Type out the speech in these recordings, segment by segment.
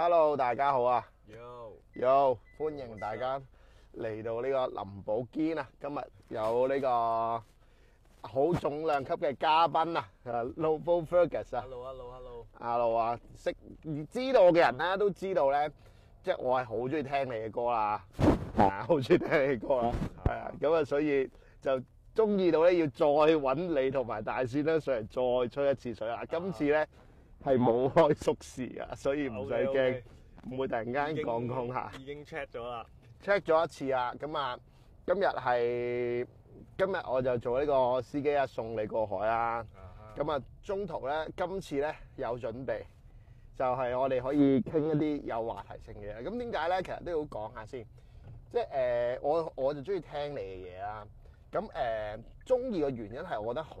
Hello，大家好啊！Yo，Yo，歡迎大家嚟到呢個林寶堅啊！今日有呢個好重量級嘅嘉賓啊，啊，Novel Fergus 啊！Hello 啊，Low 啊，Hello 啊，識唔知道我嘅人咧都知道咧，即係我係好中意聽你嘅歌啦，係啊，好中意聽你嘅歌，係啊，咁啊，所以就中意到咧要再揾你同埋大師咧上嚟再吹一次水啊！今次咧。係冇開縮事啊，所以唔使驚，唔 Okay, okay. 會突然間經講講下。已經 check 咗啦，check 咗一次啊。咁啊，今日係今日我就做呢個司機啊，送你過海啦。咁啊、uh huh.，中途咧，今次咧有準備，就係、是、我哋可以傾一啲有話題性嘅嘢。咁點解咧？其實都要講下先。即係誒、呃，我我就中意聽你嘅嘢啦。咁誒，中意嘅原因係我覺得好。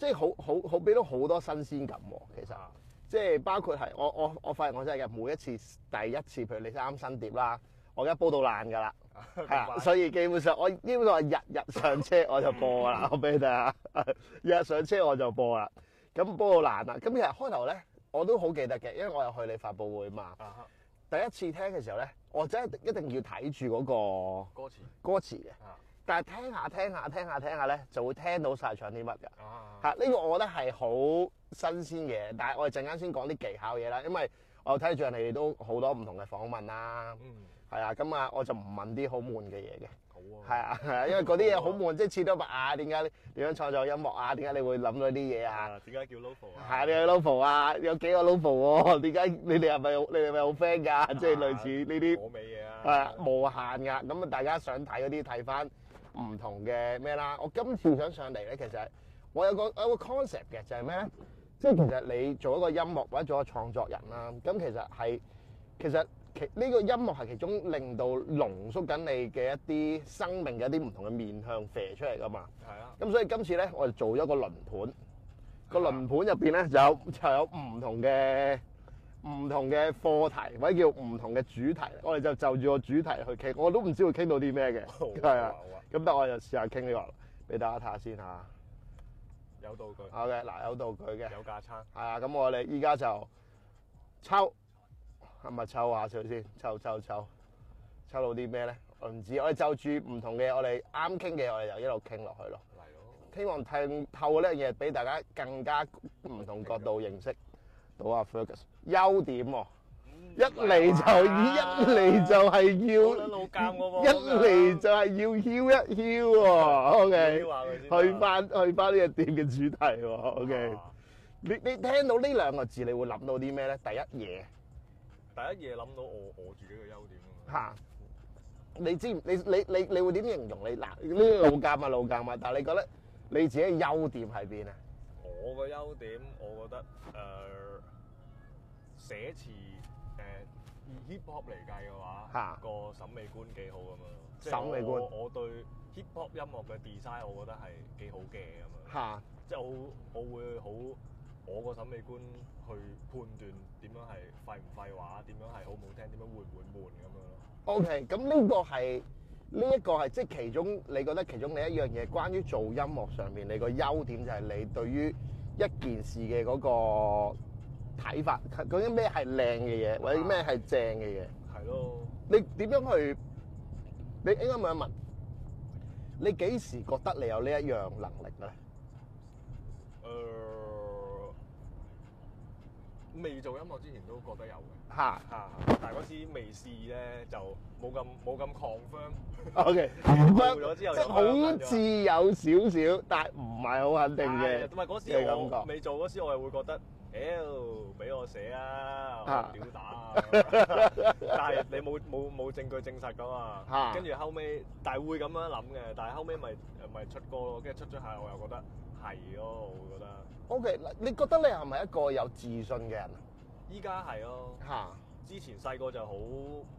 即係好好好俾到好多新鮮感喎，其實即係包括係我我我發現我真係嘅，每一次第一次，譬如你啱新碟啦，我而家煲到爛㗎啦，係啊， 所以基本上我基本上日日上車我就播㗎啦， 我俾你睇下，日日上車我就播啦，咁煲到爛啦，咁其實開頭咧我都好記得嘅，因為我又去你發佈會嘛，第一次聽嘅時候咧，我真係一定要睇住嗰個歌詞歌詞嘅。啊哈 啊。但係聽下聽下聽下聽下咧，就會聽到晒唱啲乜嘅。嚇、啊，呢、啊呢個我覺得係好新鮮嘅。但係我哋陣間先講啲技巧嘢啦，因為我睇住人哋都好多唔同嘅訪問啦。係啊、嗯，咁啊，我就唔問啲好悶嘅嘢嘅。係啊，係啊，因為嗰啲嘢好悶， 即係切多白啊？點解點樣創作音樂啊？點解你會諗到啲嘢啊？點解叫 l o 老婆啊？係、啊，啲老婆啊，有幾個老婆喎？點解你哋係咪你哋係咪好 friend 噶、啊？啊、即係類似呢啲，味係啊，啊，無限噶。咁啊，大家想睇嗰啲睇翻唔同嘅咩啦？我今次想上嚟咧，其實我有個有個 concept 嘅，就係咩咧？即係是、嗯、其實你做一個音樂或者做一個創作人啦，咁其實係其實。其實其呢個音樂係其中令到濃縮緊你嘅一啲生命嘅一啲唔同嘅面向射出嚟噶嘛？係啊。咁所以今次咧，我哋做咗個輪盤，個輪盤入邊咧就有就有唔同嘅唔同嘅課題或者叫唔同嘅主題。我哋就就住個主題去傾，我都唔知會傾到啲咩嘅。係啊。咁但我又試下傾呢個俾大家睇下先嚇。有道具。OK，嗱有道具嘅。有架撐。係啊，咁我哋依家就抽。咁啊，抽下水先，抽抽抽，抽到啲咩咧？我唔知，我哋就住唔同嘅嘢，我哋啱傾嘅，我哋就一路傾落去咯。係咯！希望聽透呢樣嘢，俾大家更加唔同角度認識到阿 Fergus 優點喎。一嚟就一嚟就係要，一嚟就係要轟一轟喎。O K，去翻去翻呢個點嘅主題喎。O K，你你聽到呢兩個字，你會諗到啲咩咧？第一嘢。第一嘢諗到我我自己嘅優點啊嘛，嚇！你知你你你你會點形容你嗱？呢，老尷嘛，老尷嘛，但係你覺得你自己嘅優點喺邊啊？我嘅優點，我覺得誒、呃、寫詞誒、呃，以 hip hop 嚟計嘅話，嚇哈個審美觀幾好咁啊！審美觀，即係我我對 hip hop 音樂嘅 design，我覺得係幾好嘅咁啊！嚇哈，即係我我會好。我個審美觀去判斷點樣係廢唔廢話，點樣係好唔好聽，點樣會唔會悶咁樣咯。OK，咁呢個係呢一個係即係其中你覺得其中你一樣嘢，關於做音樂上邊你個優點就係你對於一件事嘅嗰個睇法，究竟咩係靚嘅嘢，啊、或者咩係正嘅嘢？係咯，你點樣去？你應該問一問，你幾時覺得你有呢一樣能力咧？誒、呃。未做音樂之前都覺得有嘅，嚇嚇，但係嗰時未試咧就冇咁冇咁 confirm。O.K. 做咗之後，好似有少少，但係唔係好肯定嘅嘅感覺。同埋嗰時我未做嗰時，我又會覺得，妖俾我寫啊表達啊，但係你冇冇冇證據證實噶嘛。跟住後尾，但係會咁樣諗嘅，但係後尾咪咪出歌咯，跟住出咗下我又覺得。係咯，我覺得。OK，嗱，你覺得你係咪一個有自信嘅人？依家係咯。嚇、啊！之前細個就好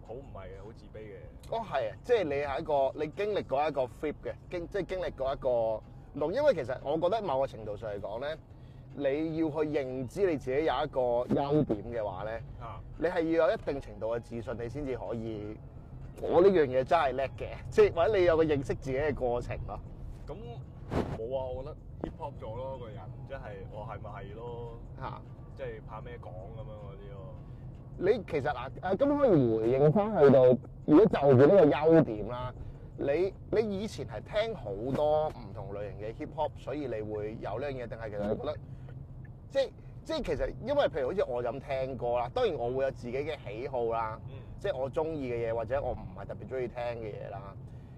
好唔係好自卑嘅。哦，係啊，即係你喺一個你經歷過一個 flip 嘅，經即係經歷過一個，因為其實我覺得某個程度上嚟講咧，你要去認知你自己有一個優點嘅話咧，啊，你係要有一定程度嘅自信，你先至可以。我呢樣嘢真係叻嘅，即係或者你有個認識自己嘅過程咯。咁、嗯。嗯冇啊，我覺得 hip hop 咗咯，個人、啊、即係我係咪係咯吓，即係怕咩講咁樣嗰啲咯。你其實嗱，咁可以回應翻去到：如果就咁呢個優點啦，你你以前係聽好多唔同類型嘅 hip hop，所以你會有呢樣嘢，定係其實你覺得即即其實因為譬如好似我咁聽歌啦，當然我會有自己嘅喜好啦，嗯、即係我中意嘅嘢或者我唔係特別中意聽嘅嘢啦，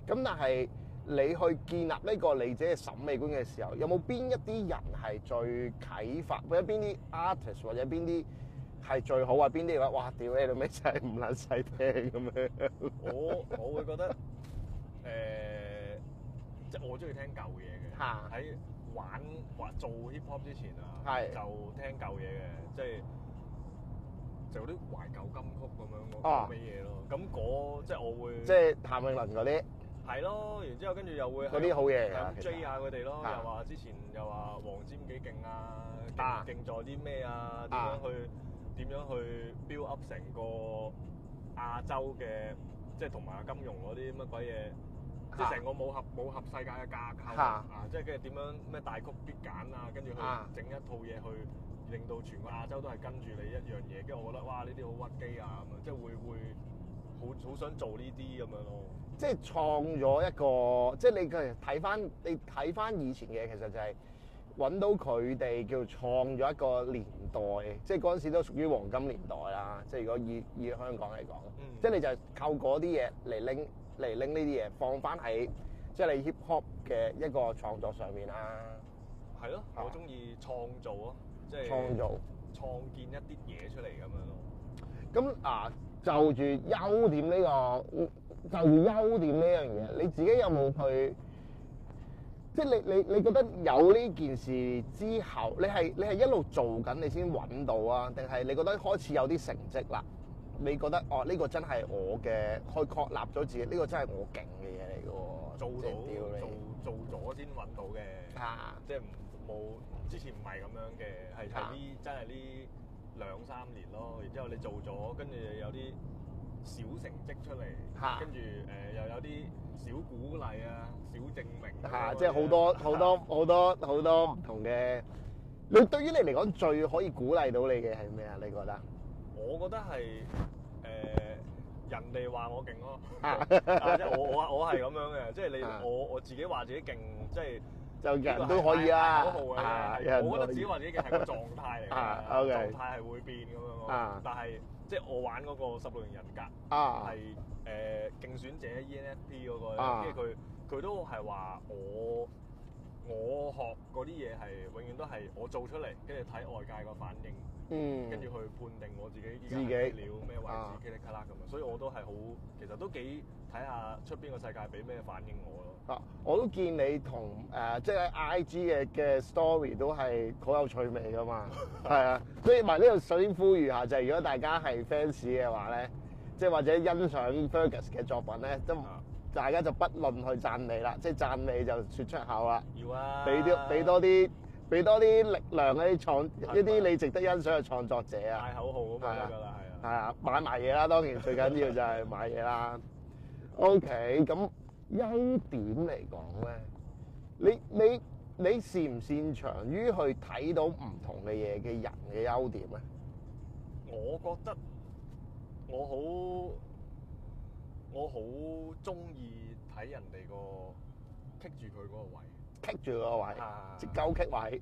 咁但係。你去建立呢個你自己嘅審美觀嘅時候，有冇邊一啲人係最啟發？或者邊啲 artist 或者邊啲係最好？或者邊啲話哇，屌你老味，真係唔撚使聽咁樣？我我會覺得誒，即係、 呃就係、我中意聽舊嘢嘅。喺、啊、玩或做 hip hop 之前啊，是就聽舊嘢嘅，即係就嗰、是、啲懷舊金曲咁樣嗰啲嘢咯。咁嗰即係我會即係譚詠麟嗰啲。係咯，然之後跟住又會向啲好嘢追下佢哋咯，又話之前又話黃霑幾勁啊，勁咗啲咩啊，點樣去點樣去 build up 成個亞洲嘅，即係同埋金融嗰啲乜鬼嘢，即係成個武俠武俠世界嘅架構啊，即係跟住點樣咩大曲必揀啊，跟住去整一套嘢去令到全個亞洲都係跟住你一樣嘢，跟住我覺得哇呢啲好屈機啊咁啊，即係會會。好想做呢啲咁樣咯，即係創咗一個，嗯、即係你其實睇翻，你睇翻以前嘅其實就係揾到佢哋叫創咗一個年代，即係嗰陣時都屬於黃金年代啦。即係如果以以香港嚟講，嗯、即係你就係靠嗰啲嘢嚟拎嚟拎呢啲嘢放翻喺即係你 hip hop 嘅一個創作上面啦。係咯、嗯，我中意創造咯，即係創造、啊、創造創建一啲嘢出嚟咁樣咯。咁啊～就住優點呢、這個，就住優點呢樣嘢，你自己有冇去？即係你你你覺得有呢件事之後，你係你係一路做緊，你先揾到啊？定係你覺得開始有啲成績啦？你覺得哦，呢、這個真係我嘅，可以確立咗自己，呢、這個真係我勁嘅嘢嚟嘅喎。做到、這個、做做咗先揾到嘅，即係唔冇之前唔係咁樣嘅，係啲、啊、真係啲。啊兩三年咯，然之後你做咗，跟住又有啲小成績出嚟，跟住誒又有啲小鼓勵啊，小證明啊，即係好多好、啊、多好多好多唔同嘅。對於你對於你嚟講最可以鼓勵到你嘅係咩啊？你覺得？我覺得係誒、呃、人哋話我勁咯，我我我係咁樣嘅，即係你、啊、我我自己話自己勁，即係。就人都可以啊，好啊，是我覺得自己話自己係個狀態嚟嘅， 啊、okay，狀態係會變咁樣。啊、但係即係我玩嗰個十六型人格係誒、啊呃、競選者 ENFP 嗰、那個，跟住佢佢都係話我我學嗰啲嘢係永遠都係我做出嚟，跟住睇外界個反應。嗯，跟住去判定我自己自己了咩位置，吉咁啊！啊，所以我都係好，其實都幾睇下出邊個世界俾咩反應我咯。啊，我都見你同誒，即係 I G 嘅嘅 story 都係好有趣味噶嘛。係啊，啊嗯、所以埋呢度首先呼籲下就係，如果大家係 fans 嘅話咧，即係或者欣賞 Fergus 嘅作品咧，都大家就不論去讚你啦，即係讚你就説出口啦。要啊！俾多俾多啲。俾多啲力量嗰啲創一啲你值得欣賞嘅創作者啊！嗌口號咁樣啦，係啊的，買埋嘢啦，當然最緊要就係買嘢啦。 OK，咁優點嚟講咧，你你你擅唔擅長於去睇到唔同嘅嘢嘅人嘅優點咧？我覺得我好我好中意睇人哋個棘住佢個位。棘住個位，即係勾棘位啊，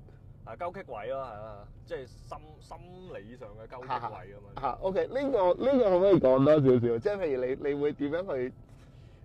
啊，勾棘位咯，係啊，即係心心理上嘅勾棘位咁啊。嚇，O K，呢個呢個可唔可以講多少少？嗯、即係譬如你你會點樣去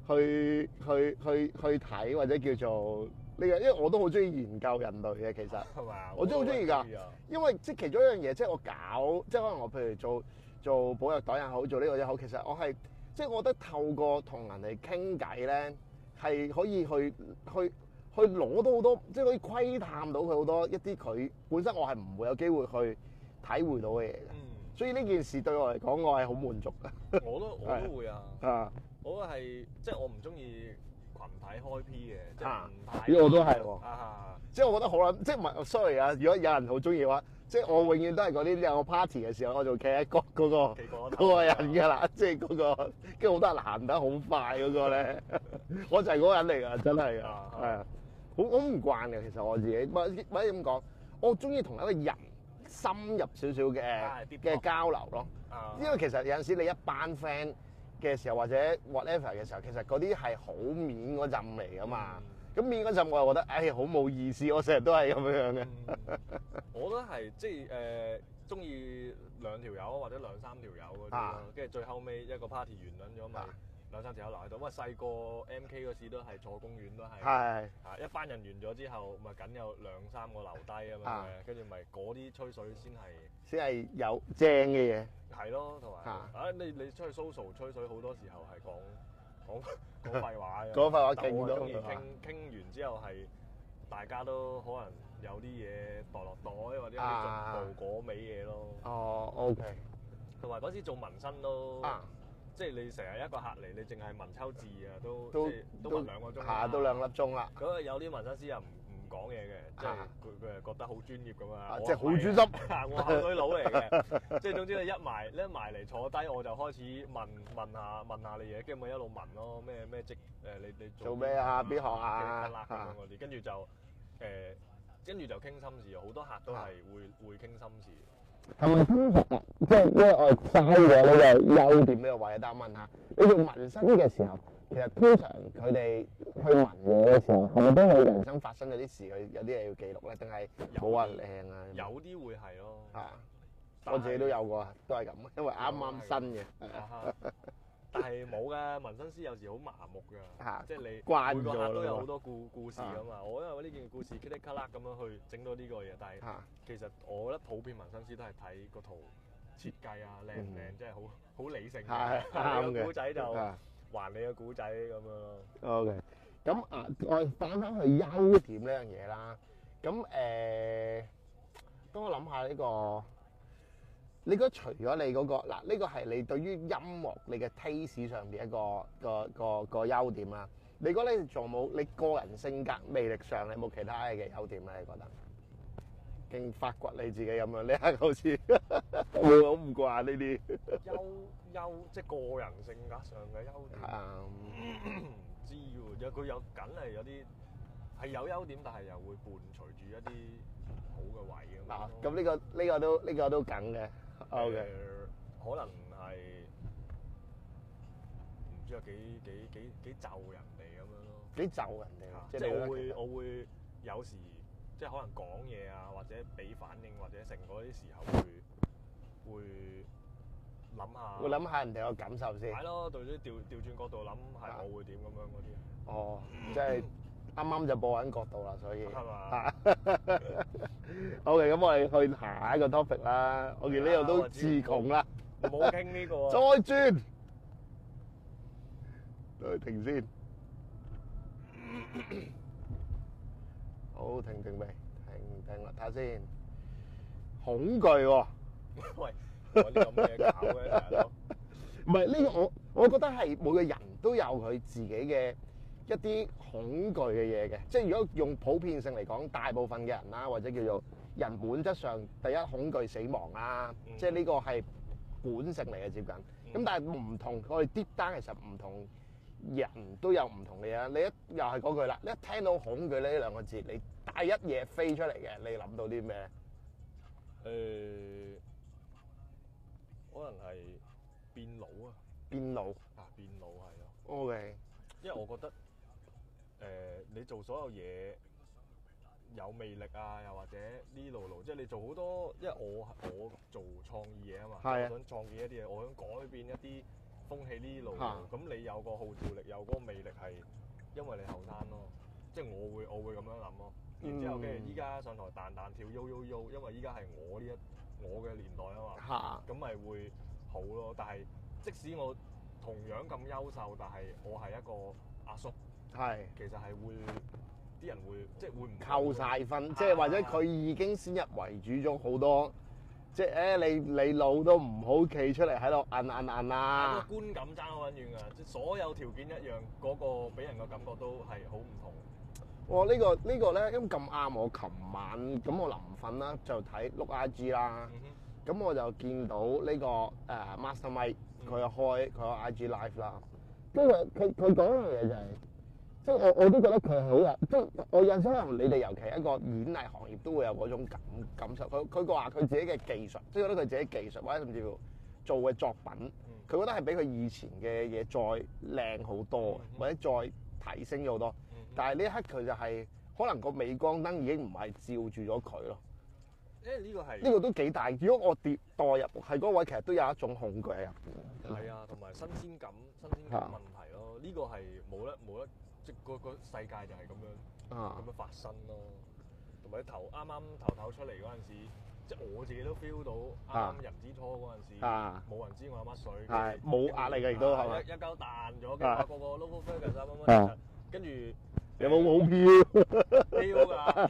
去去去去睇或者叫做呢、呢個？因為我都好中意研究人類嘅，其實係嘛，啊、我都好中意㗎。因為即係其中一樣嘢，即係我搞即係可能我譬如做做寶藥黨又好，做呢個又好，其實我係即係我覺得透過同人哋傾偈咧，係可以去去。去去攞到好多，即係可以窺探到佢好多一啲佢本身，我係唔會有機會去體會到嘅嘢嘅。所以呢件事對我嚟講，我係好滿足嘅。我都我都會啊，我係即係我唔中意群體開 P 嘅，即係唔太。我都係喎，即係我覺得好撚，即係唔係？sorry 啊，如果有人好中意嘅話，即係我永遠都係嗰啲有 party 嘅時候，我就企喺個嗰個嗰個人㗎啦。即係嗰個跟住好多人行得好快嗰個咧，我就係嗰個人嚟㗎，真係啊，係啊。好我唔慣嘅，其實我,我自己，或者或者咁講，我中意同一個人深入少少嘅嘅交流咯。啊、因為其實有陣時你一班 friend 嘅時候，或者 whatever 嘅時候，其實嗰啲係好面嗰陣嚟噶嘛。咁、嗯、面嗰陣，我又覺得唉，好、哎、冇意思。我成日都係咁樣嘅、嗯。我都係即係誒，中、就、意、是呃、兩條友或者兩三條友嗰啲跟住最後尾一個 party 完咁樣咪。啊啊兩三條友留喺度，咁啊細個 MK 嗰時都係坐公園都係，係一班人完咗之後，咪梗有兩三個留低啊嘛，跟住咪嗰啲吹水先係，先係有正嘅嘢。係咯，同埋啊，你你出去 social 吹水好多時候係講講講廢話，講廢話勁多啦。傾傾完之後係大家都可能有啲嘢袋落袋或者有啲做嗰味嘢咯。哦，OK、啊。同埋嗰時做紋身咯。即係你成日一個客嚟，你淨係紋抽字啊，都都都問兩個鐘下都兩粒鐘啦。咁啊，有啲紋身師又唔唔講嘢嘅，即係佢佢又覺得好專業咁啊。即係好專心，我口水佬嚟嘅。即係總之你一埋一埋嚟坐低，我就開始問問下問下你嘢，跟住咪一路問咯，咩咩職誒你你做咩啊？邊行啊？嚇咁嗰啲，跟住就誒，跟住就傾心事。好多客都係會會傾心事。係咪新學啊？即係我哋嘥嘅呢個優點呢個位，但係問下你做紋身嘅時候，其實通常佢哋去紋嘢嘅時候，係咪都係人生發生咗啲事，佢有啲嘢要記錄咧，定係好啊，靚啊是？有啲會係咯，係啊，我自己都有過，都係咁，因為啱啱新嘅。啊 但係冇噶，紋身師有時好麻木噶，啊、即係你慣咗都有好多故故事噶嘛。啊、我因為我呢件故事吉吉卡拉咁樣去整到呢個嘢，但係其實我覺得普遍紋身師都係睇個圖設計啊靚唔靚，即係好好理性嘅。啱嘅、啊。個、啊啊、故仔就還你個古仔咁樣咯、啊。OK，咁啊，啊我返返去優點呢樣嘢啦。咁誒，咁我諗下呢、呢個。你覺得除咗你嗰個嗱，呢個係你對於音樂你嘅 taste 上邊一個個個個優點啦。你覺得你仲冇你個人性格魅力上你冇其他嘅優點咩？你覺得勁發掘你自己咁樣，呢刻好似會好唔慣呢啲。優優即係個人性格上嘅優點。係啊，知喎，有佢有梗係有啲係有優點，但係又會伴隨住一啲唔好嘅位咁。啊，咁呢個呢個都呢個都梗嘅。O.K. 可能係唔知有幾幾幾幾就人哋咁樣咯，幾就人哋啊！即係我會我會有時即係可能講嘢啊，或者俾反應或者成嗰啲時候會會諗下，會諗下人哋嘅感受先。係咯，到咗調調轉角度諗係我會點咁樣嗰啲，啊。哦，即係。 啱啱就播緊角度啦，所以係嘛。OK，咁我哋去下一個 topic 啦。我見呢度都自窮啦。唔好傾呢個。再轉。對，停先。好，停停未？停停啦，睇下先。恐懼喎。喂，我呢咁嘅嘢搞嘅，大佬。唔係呢個，我我覺得係每個人都有佢自己嘅。一啲恐懼嘅嘢嘅，即係如果用普遍性嚟講，大部分嘅人啦，或者叫做人本質上第一恐懼死亡啦，即係呢個係本性嚟嘅接近。咁但係唔同，我哋 deep down 其實唔同人都有唔同嘅嘢。你一又係嗰句啦，你一聽到恐懼呢兩個字，你第一嘢飛出嚟嘅，你諗到啲咩？誒，可能係變老啊，變老啊，變老係啊。O K，因為我覺得。誒、呃，你做所有嘢有魅力啊，又或者呢路路，即係你做好多，因為我我做創意嘢啊嘛，啊我想創建一啲嘢，我想改變一啲風氣呢路路，咁、啊、你有個號召力，有個魅力係，因為你後生咯，即係我會我會咁樣諗咯。然之後跟住依家上台彈彈跳悠悠悠，因為依家係我呢一我嘅年代啊嘛，咁咪會好咯。但係即使我同樣咁優秀，但係我係一個阿叔。係，其實係會啲人會即係會唔扣晒分，即係或者佢已經先入為主咗好多，即係誒你你腦都唔好企出嚟喺度摁摁摁啊！個觀感爭好遠㗎，即係所有條件一樣，嗰個俾人個感覺都係好唔同。哇！呢個呢個咧，因為咁啱，我琴晚咁我臨瞓啦就睇碌 IG 啦，咁我就見到呢個誒 Mastermind 佢又開佢個 IG Live 啦，即係佢佢講一樣嘢就係。即我我都覺得佢係好啊！即我印象可能你哋尤其係一個演藝行業都會有嗰種感感受。佢佢話佢自己嘅技術，即我覺得佢自己技術或者甚至乎做嘅作品，佢覺得係比佢以前嘅嘢再靚好多，或者再提升咗好多。但係呢一刻佢就係係可能個鎂光燈已經唔係照住咗佢咯。因為呢個係呢個都幾大。如果我跌代入係嗰位，其實都有一種恐懼喺入面啊。係啊，同埋新鮮感、新鮮感問題咯。呢的個係冇得冇得。即個世界就係咁樣，咁樣發生咯。同埋啲頭啱啱頭頭出嚟嗰陣時，即係我自己都 feel 到啱啱人之初嗰陣時，冇人知我有乜水，冇壓力嘅亦都係咪？一嚿彈咗個個 low pressure 跟住有冇好飄？飄㗎，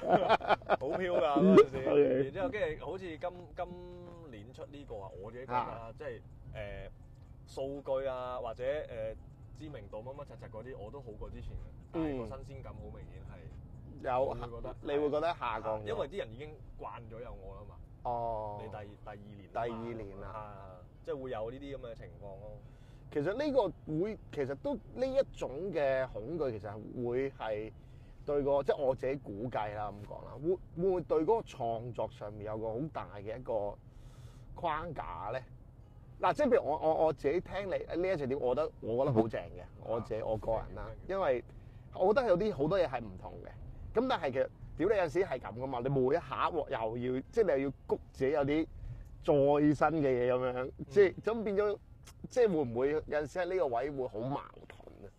好飄㗎嗰陣時。然之後跟住好似今今年出呢個啊，我自己覺得啊即係誒數據啊或者誒。知名度乜乜柒柒嗰啲我都好過之前，嗯、但係個新鮮感好明顯係有，會覺得你會覺得下降，因為啲人已經慣咗有我啊嘛。哦，你第第二年、第二年啊，即係、就是、會有呢啲咁嘅情況咯。其實呢個會，其實都呢一種嘅恐懼，其實會係對個即係我自己估計啦，咁講啦，會唔會對嗰個創作上面有個好大嘅一個框架咧？嗱，即係譬如我我我自己聽你呢一場點，我覺得我覺得好正嘅，啊、我自己、啊、我個人啦，啊啊、因為我覺得有啲好、啊、多嘢係唔同嘅，咁但係其實屌你有時係咁㗎嘛，你每一下刻又要即係、即係、你又要谷自己有啲再新嘅嘢咁樣，樣即係咁變咗即係會唔會有時喺呢個位會好矛盾咧？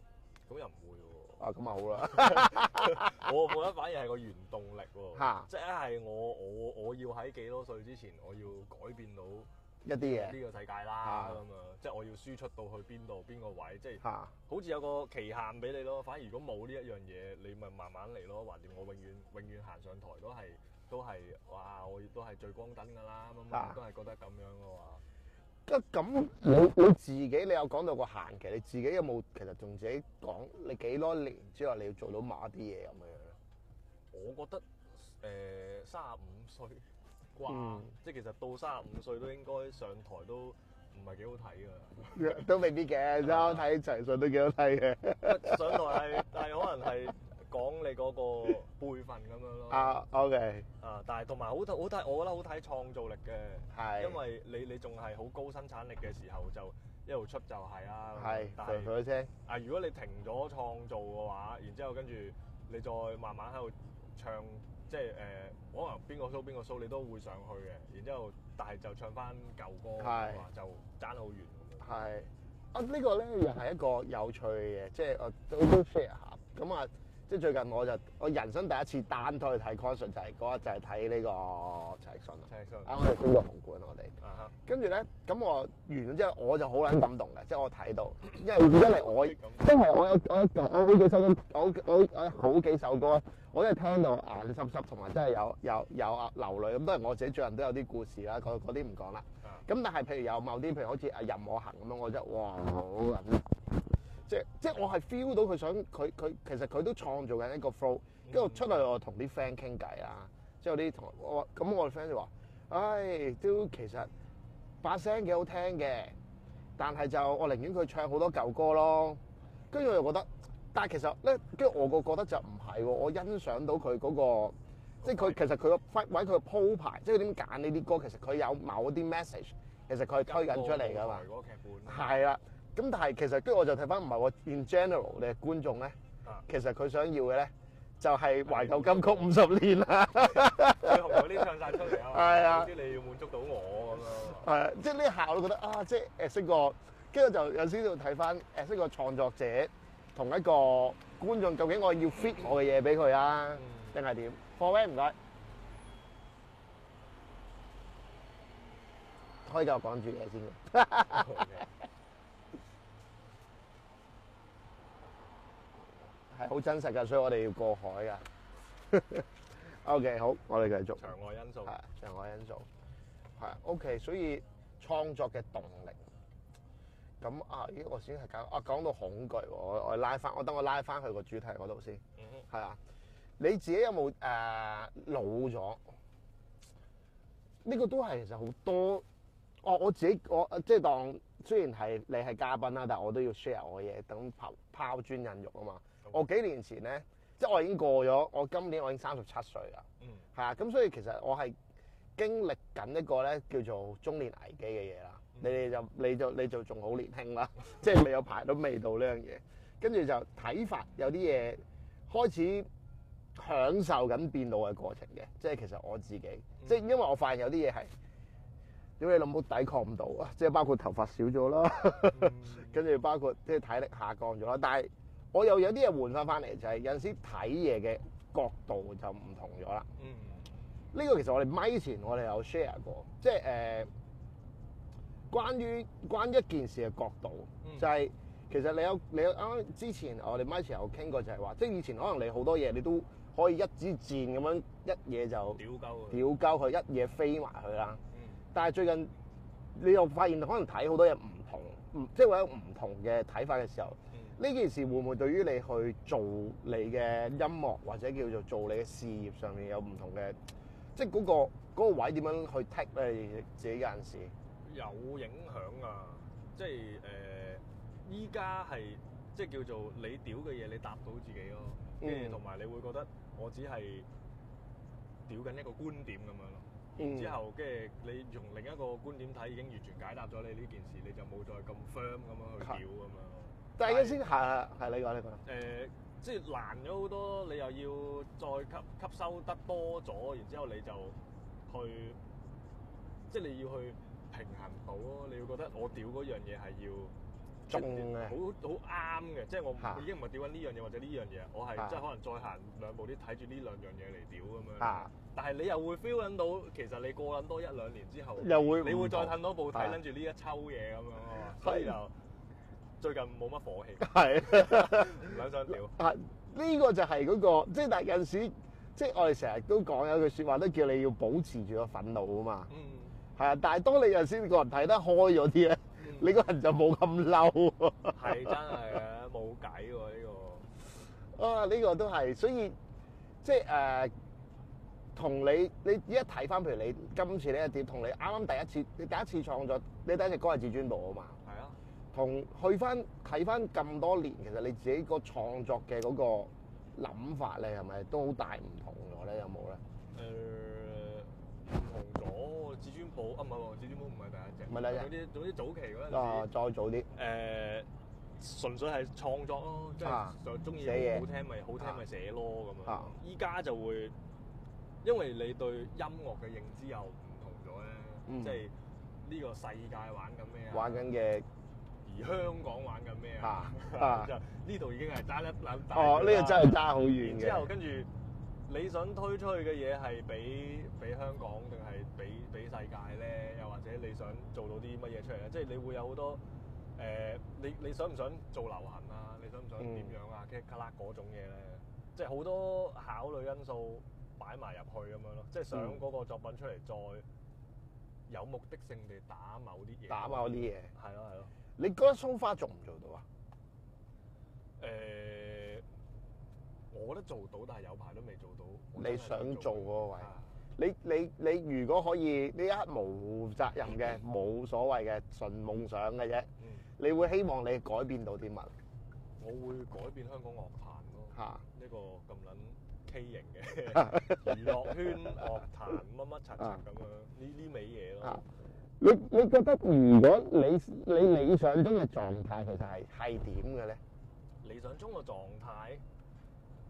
咁、嗯嗯嗯嗯、又唔會喎？啊，咁啊好啦 我覺得反而係個原動力喎，即係我我我要喺幾多歲之前我要改變到。一啲嘢呢個世界啦，咁啊的，即係我要輸出到去邊度邊個位，的即係好似有個期限俾你咯。反而如果冇呢一樣嘢，你咪慢慢嚟咯。橫掂我永遠永遠行上台都係都係，哇！我亦都係最光燈㗎啦，咁啊的都係覺得咁樣嘅話。咁你的你自己，你有講到個限期，你自己有冇其實同自己講你幾多年之後你要做到某啲嘢咁樣？我覺得誒三十五歲。嗯，即係其實到三十五歲都應該上台都唔係幾好睇㗎， 都未必嘅，睇陳奕迅都幾好睇嘅。上台係，但係 可能係講你嗰個輩份咁樣咯。啊、 uh，OK，啊，但係同埋好好睇，我覺得好睇創造力嘅，係是因為你你仲係好高生產力嘅時候就一路出就係啦。係，但係佢聲啊，如果你停咗創造嘅話，然之後，後跟住你再慢慢喺度唱。即係誒，可能邊個 show 邊個 show，你都會上去嘅。然之後，但係就唱翻舊歌，是就爭好遠咁樣。啊，這個、呢個咧又係一個有趣嘅嘢，即係我都 share 下咁啊。即係最近我就我人生第一次單拖去睇 concert，就係嗰一就係睇呢個陳奕迅啊。陳奕迅我哋中國紅館，我哋、嗯哼。跟住咧，咁我完咗之後，我就好撚感動嘅，即、就、係、是、我睇到，因為因為我真係我，的我，的我，的我，我，我有我有我好幾首我我好幾首歌， 我真係聽到眼濕濕，同埋真係有有有流淚，咁當然我自己最近都有啲故事啦，嗰啲唔講啦。咁但係譬如有某啲，譬如好似《任我行》咁樣，我真係哇好撚～即即我係 feel 到佢想佢佢其實佢都創造緊一個 flow，跟住、嗯、出去，我同啲 friend 傾偈啊，即係、嗯、我啲同我咁我個 friend 就話，唉、哎，都其實把聲幾好聽嘅，但係就我寧願佢唱好多舊歌咯。跟住我又覺得，但係其實咧，跟住我個覺得就唔係喎，我欣賞到佢嗰、那個，即係佢其實佢個位佢嘅鋪排，即係點揀呢啲歌，其實佢有某啲 message，其實佢係推緊出嚟㗎嘛。係啦過。的咁但係其實跟住我就睇翻唔係我 in general 你嘅觀眾咧，其實佢想要嘅咧就係懷舊金曲五十年啊！啲唱曬出嚟啊！係啊，啲你要滿足到我咁樣。係，即係呢下我都覺得啊，即係 ex 個，跟住就有少少睇翻 ex 個創作者同一個觀眾，究竟我要 fit 我嘅嘢俾佢啊，定係點？Fergus 唔該，可以繼續講住嘢先。係好真實嘅，所以我哋要過海嘅。 o、okay, K，好，我哋繼續。場外因素係場外因素係 O K，所以創作嘅動力咁啊。呢個先係講啊。講到恐懼，我我拉翻我等我拉翻去個主題嗰度先係、嗯、哼啊。你自己有冇誒、呃、老咗？呢、這個都係其實好多。我、哦、我自己我即係當雖然係你係嘉賓啦，但係我都要 share 我嘢，等拋拋磚引玉啊嘛。我幾年前咧，即係我已經過咗，我今年我已經三十七歲啦，係啊、嗯，咁所以其實我係經歷緊一個咧叫做中年危機嘅嘢啦。你哋就你就你就仲好年輕啦， 即係未有排都未到呢樣嘢。跟住就睇法有啲嘢開始享受緊變老嘅過程嘅，即係其實我自己，嗯、即係因為我發現有啲嘢係點解你冇抵抗唔到啊，即係包括頭髮少咗啦，跟住、嗯、 包括即係體力下降咗啦，但係。我又有啲嘢換翻翻嚟，就係、是、有陣時睇嘢嘅角度就唔同咗啦。嗯，呢個其實我哋咪前我哋有 share 過，即係誒、呃、關於關於一件事嘅角度，嗯、就係、是、其實你有你有啱啱之前我哋咪前有傾過，就係、是、話，即係以前可能你好多嘢你都可以一支箭咁樣一嘢就屌鳩，屌鳩佢一嘢飛埋佢啦。嗯、但係最近你又發現可能睇好多嘢唔同，唔、嗯、即係有唔同嘅睇法嘅時候。呢件事會唔會對於你去做你嘅音樂或者叫做做你嘅事業上面有唔同嘅，即係嗰個嗰個位點樣去剔你自己呢件事？有影響啊！即係誒，依家係即係叫做你屌嘅嘢，你答到自己咯、啊。跟住同埋你會覺得我只係屌緊一個觀點咁樣咯。之後跟住你用另一個觀點睇，已經完全解答咗你呢件事，你就冇再咁 firm 咁樣去屌咁樣。第一先行，係你講，你講誒、呃，即係難咗好多，你又要再吸吸收得多咗，然之後你就去，即係你要去平衡到咯。你會覺得我屌嗰樣嘢係要中嘅，好好啱嘅。即係我已經唔係屌緊呢樣嘢或者呢樣嘢，我係即係可能再行兩步啲睇住呢兩樣嘢嚟屌咁樣。啊、但係你又會 feel 到，其實你過緊多一兩年之後，又會，你會再褪多步睇緊住呢一抽嘢咁樣啊嘛。對所以就，對所以就最近冇乜火氣，係兩想吊。啊，呢 想吵 個就係嗰、嗰個，即係但係有陣時，即係我哋成日都講有句説話，都叫你要保持住個憤怒啊嘛。嗯。係啊，但係當你有陣時個人睇得開咗啲咧，嗯、你個人就冇咁嬲。係真係 啊，冇計喎呢個。啊，呢、呢個都係，所以即係誒，同、呃、你你一睇翻，譬如你今次呢一碟，同你啱啱第一次你第一次創作，你第一隻歌係至尊寶啊嘛。同去翻睇翻咁多年，其實你自己個創作嘅嗰個諗法咧，係咪都好大唔同咗咧？有冇咧？誒唔同咗，至尊寶啊，唔係，至尊寶唔係第一隻，唔係第一隻，嗰啲嗰啲早期嗰陣時啊，再早啲誒，純粹係創作咯，即係就中意好好聽，咪好聽咪寫咯咁樣！依家就會因為你對音樂嘅認知又唔同咗咧，即係呢個世界玩緊咩啊？玩緊嘅。香港玩緊咩啊？啊，就呢度已經係爭一兩。哦，呢個真係爭好遠嘅。之後跟住你想推出去嘅嘢係俾俾香港定係俾俾世界咧？又或者你想做到啲乜嘢出嚟咧？即係你會有好多誒，你你想唔想做流行啊？你想唔想點樣啊？卡啦嗰種嘢咧，即係好多考慮因素擺埋入去咁樣咯。即係想嗰個作品出嚟，再有目的性地打某啲嘢。打某啲嘢係咯，係咯。你覺得 so far 做唔做到啊？誒、呃，我覺得做到，但係有排都未做到。做到你想做嗰個位、啊你？你你你如果可以呢一刻無責任嘅、冇所謂嘅、純夢想嘅啫，你會希望你改變到啲乜？嗯、我會改變香港樂壇咯，嚇、啊！呢個咁撚畸形嘅娛樂圈樂壇乜乜雜雜咁樣呢呢味嘢咯。你你覺得如果你你理想中嘅狀態其實係係點嘅咧？理想中嘅狀態，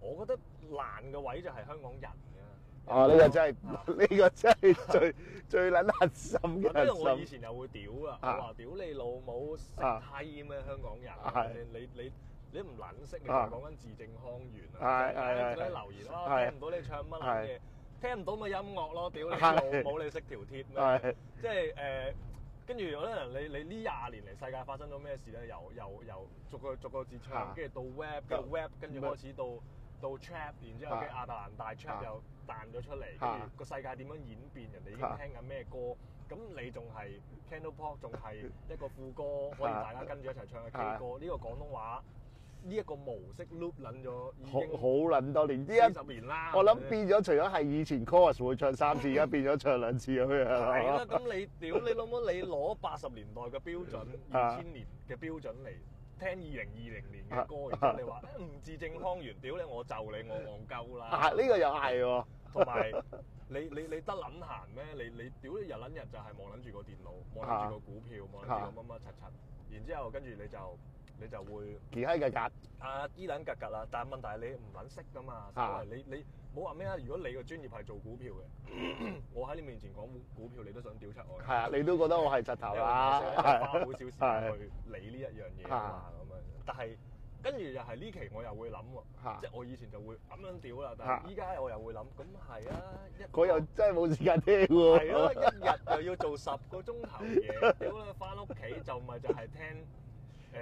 我覺得難嘅位就係香港人啊！哦，呢個真係呢個真係最最卵惡心嘅！因為我以前又會屌啊，我話屌你老母識閪咩？香港人，你你你唔卵識嘅，講緊字正腔圓啊！係嗰啲留言咯，聽唔到你唱乜嘢？聽唔到咪音樂咯，屌你老母你識條鐵咩？ 即係誒，跟住有啲人，你你呢廿年嚟世界發生咗咩事咧？由由由逐個逐個字唱，跟住到 rap 到 rap，跟住開始到到 trap，然之後嘅亞特蘭大，大 trap 又彈咗出嚟，跟住個世界點樣演變？人哋已經聽緊咩歌？咁 你仲係 Cantopop，仲係一個副歌 可以大家跟住一齊唱嘅 K 歌？呢 個廣東話。呢一個模式 loop 諗咗，已經好撚多年，幾十年啦。了嗯、我諗變咗，除咗係以前 Chorus 會唱三次，而家、啊、變咗唱兩次咁樣。係啦，咁你屌你老母，你攞八十年代嘅標準，二千年嘅標準嚟聽二零二零年嘅歌，而家你話唔字正腔圓，屌你我就你，我戇鳩啦。呢個又係喎，同埋你你你得撚閒咩？你你屌日撚日就係望撚住個電腦，望撚住個股票，望撚住乜乜柒柒，然之後跟住你就。你就會其他嘅格，格啊，依撚格格啦，但係問題係你唔揾識㗎嘛，啊、你你冇話咩啊？如果你個專業係做股票嘅， 我喺你面前講股票，你都想屌出嚟，係啊，你都覺得我係柒頭啦，係花、啊啊、好少時間去理呢一樣嘢啊咁樣。但係跟住又係呢期我又會諗喎，啊、即係我以前就會咁樣屌啦，但係依家我又會諗，咁係啊，佢又真係冇時間聽喎， 係啊，一日就要做十個鐘頭嘢，屌啦，返屋企就咪就係聽。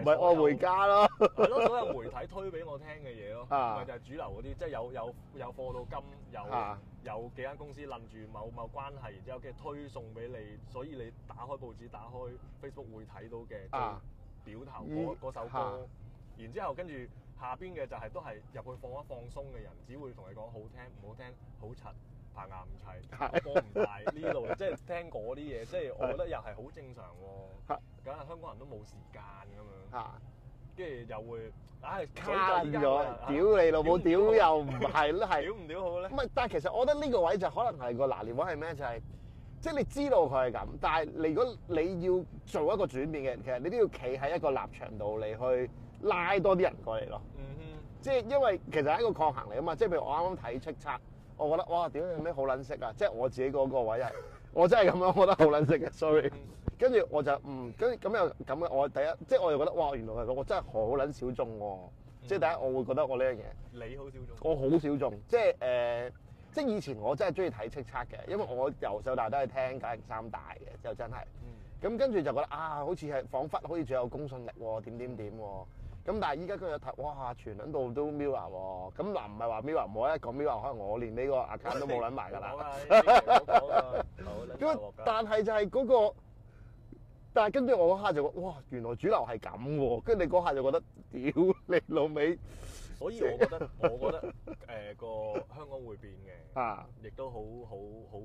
唔係我回家咯，係咯所、所有媒體推俾我聽嘅嘢咯，咪、啊、就係主流啲，即、就、係、是、有有有貨到金，有、啊、有幾間公司攔住某某關係，然之後跟住推送俾你，所以你打開報紙打開 Facebook 會睇到嘅表頭嗰嗰首歌，然之後跟住下邊嘅就係、是、都係入去放一放鬆嘅人，只會同你講好聽唔好聽，好柒排牙唔齊，歌唔大。啊是 即係聽嗰啲嘢，即係我覺得又係好正常喎。梗係香港人都冇時間咁樣。嚇，跟住又會，唉，卡緊咗，屌你老母，屌又唔係咯，係屌唔屌好咧？唔係，但係其實我覺得呢個位就可能係個拿捏位係咩？就係即係你知道佢係咁，但係你如果你要做一個轉變嘅人，其實你都要企喺一個立場度嚟去拉多啲人過嚟咯。即係、嗯、哼因為其實係一個抗衡嚟啊嘛。即係譬如我啱啱睇叱咤，我覺得哇，屌有咩好撚識啊！即係我自己嗰個位係。我真係咁樣，我覺得好撚正嘅，sorry。跟住我就嗯，跟住咁又咁嘅，我第一即係我又覺得，哇！原來係咁，我真係好撚小眾喎、哦。嗯、即係第一，我會覺得我呢樣嘢你好小眾，我好小眾。即係誒、呃，即係以前我真係中意睇叱咤嘅，因為我由細到大都係聽九零三大嘅，又真係。咁跟住就覺得啊，好似係仿佛好似最有公信力喎、哦，點點點喎。咁但係依家佢又睇，哇！全撚度都 Mirror 喎。咁嗱，唔係話 Mirror，唔好咧。講 Mirror，可能我連呢個阿 c 都冇撚埋㗎啦。但係就係嗰個，但係跟住我嗰下就話，哇！原來主流係咁喎。跟住你嗰下就覺得，屌你老味。所以我覺得，我覺得誒個香港會變嘅，亦都好好好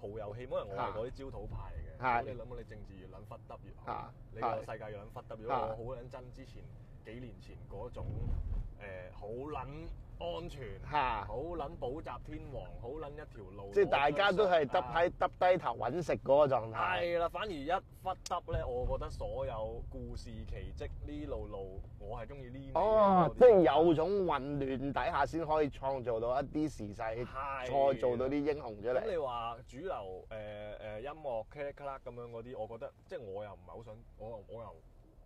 抱有希望，可能我係嗰啲焦土派嚟嘅。係。你諗到你政治越撚忽得越，你個世界越撚忽得越。我好撚憎之前。幾年前嗰種好撚、呃、安全，嚇好撚補習天王，好撚一條路，即係大家都係耷喺耷低頭揾食嗰個狀態。係啦，反而一忽耷咧，我覺得所有故事奇蹟呢路路，我係中意呢。哦，即係有種混亂底下先可以創造到一啲時勢，再做了到啲英雄出嚟。咁、嗯、你話主流誒誒、呃呃、音樂 Klerk 咁樣嗰啲，我覺得即係我又唔係好想，我我，我又。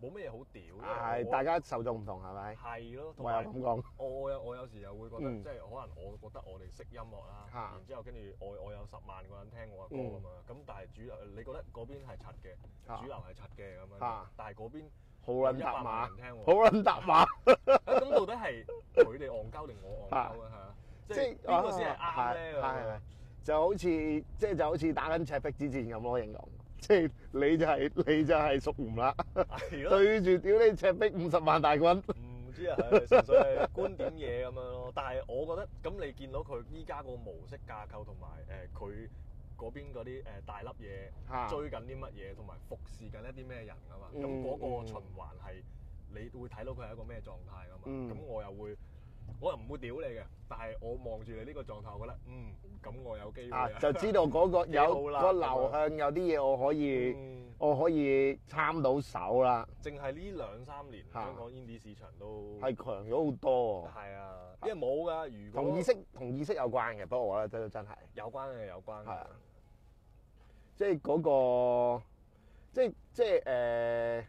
冇咩嘢好屌嘅，係大家受眾唔同，係咪？係咯，同埋咁講。我我有我有時又會覺得，即係可能我覺得我哋識音樂啦，然之後跟住我我有十萬個人聽我嘅歌啊嘛。咁但係主流，你覺得嗰邊係柒嘅，主流係柒嘅咁樣。但係嗰邊好撚百萬人聽喎，好撚百萬。咁到底係佢哋戇鳩定我戇鳩咧？係啊，即係邊個先係啱咧？係係，就好似即係就好似打緊赤壁之戰咁咯，形容。即係你就係、是、你就係屬唔啦，的 對住屌你赤壁五十萬大軍，唔知啊，純粹係觀點嘢咁樣咯。 但係我覺得咁你見到佢依家個模式架構同埋誒佢嗰邊嗰啲誒大粒嘢追緊啲乜嘢，同埋服侍緊一啲咩人噶嘛？咁嗰、嗯、個循環係、嗯、你會睇到佢係一個咩狀態噶嘛？咁我又會。嗯我又唔會屌你嘅，但係我望住你呢個狀態，我覺得嗯，咁我有機會、啊、就知道嗰個有個流向有啲嘢我可以，嗯、我可以參到手啦。淨係呢兩三年，啊、香港 n b 市場都係強咗好多。係啊，因為冇噶，啊、如果同意識同意識有關嘅，不過我覺得真係真係有關嘅，有關嘅係啊，即係嗰個，即係即係誒。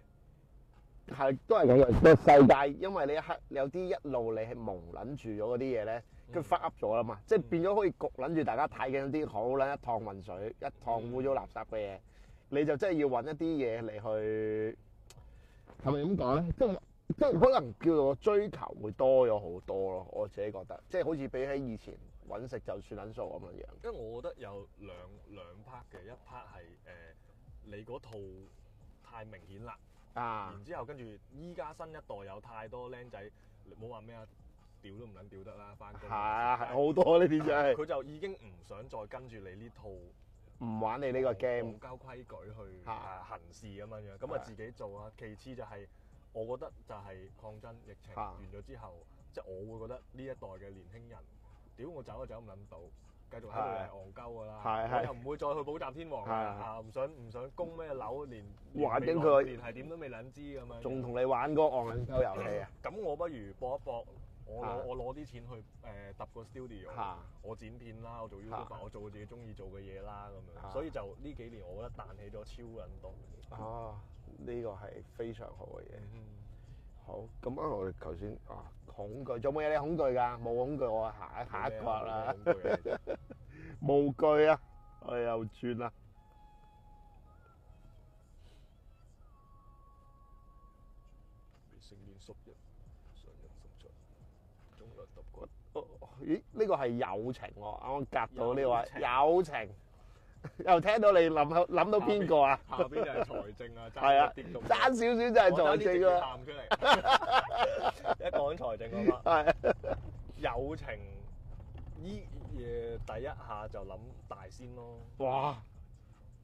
係都係咁樣，個世界，因為你一刻有啲一路你係蒙撚住咗嗰啲嘢咧，佢發噏咗啦嘛，即係變咗可以焗撚住大家睇緊啲好撚一趟混水一趟污糟垃圾嘅嘢，你就真係要搵一啲嘢嚟去，係咪咁講咧？即係即係可能叫做追求會多咗好多咯，我自己覺得，即係好似比起以前搵食就算撚數咁嘅樣。因為我覺得有兩兩 part 嘅，一 part 係誒，你嗰套太明顯啦。啊！然之後跟住依家新一代有太多僆仔，冇話咩啊，屌都唔撚屌得啦，翻工係啊，好多呢啲嘢，佢就已經唔想再跟住你呢套，唔玩你呢個 game，交規矩去行事咁樣樣，咁啊自己做啦。其次就係、是，我覺得就係抗爭疫情、啊、完咗之後，即係我會覺得呢一代嘅年輕人，屌我走都走，唔撚到。繼續喺度係戇鳩㗎啦，又唔會再去補習天王啦，嚇唔想唔想供咩樓，連環境佢連係點都未諗知咁樣，仲同你玩嗰個戇鳩遊戲啊？咁我不如博一博，我攞我攞啲錢去誒揼個 studio，我剪片啦，我做 YouTube，我做我自己中意做嘅嘢啦，咁樣，所以就呢幾年我覺得彈起咗超撚多。啊，呢個係非常好嘅嘢。好，咁啊！我哋頭先啊，恐懼，有冇嘢你恐懼噶？冇恐懼，我下下一個啦。冇懼啊，誒又轉啦。未成年十日，上任新卒，中學揼骨。咦？呢個係友情喎，啱啱隔到呢個友情。又聽到你諗下諗到邊個啊？下邊就係財政啊，爭少少就係財政咯、啊。一講 財政，啊嘛，得。友情依嘢第一下就諗大先咯。哇！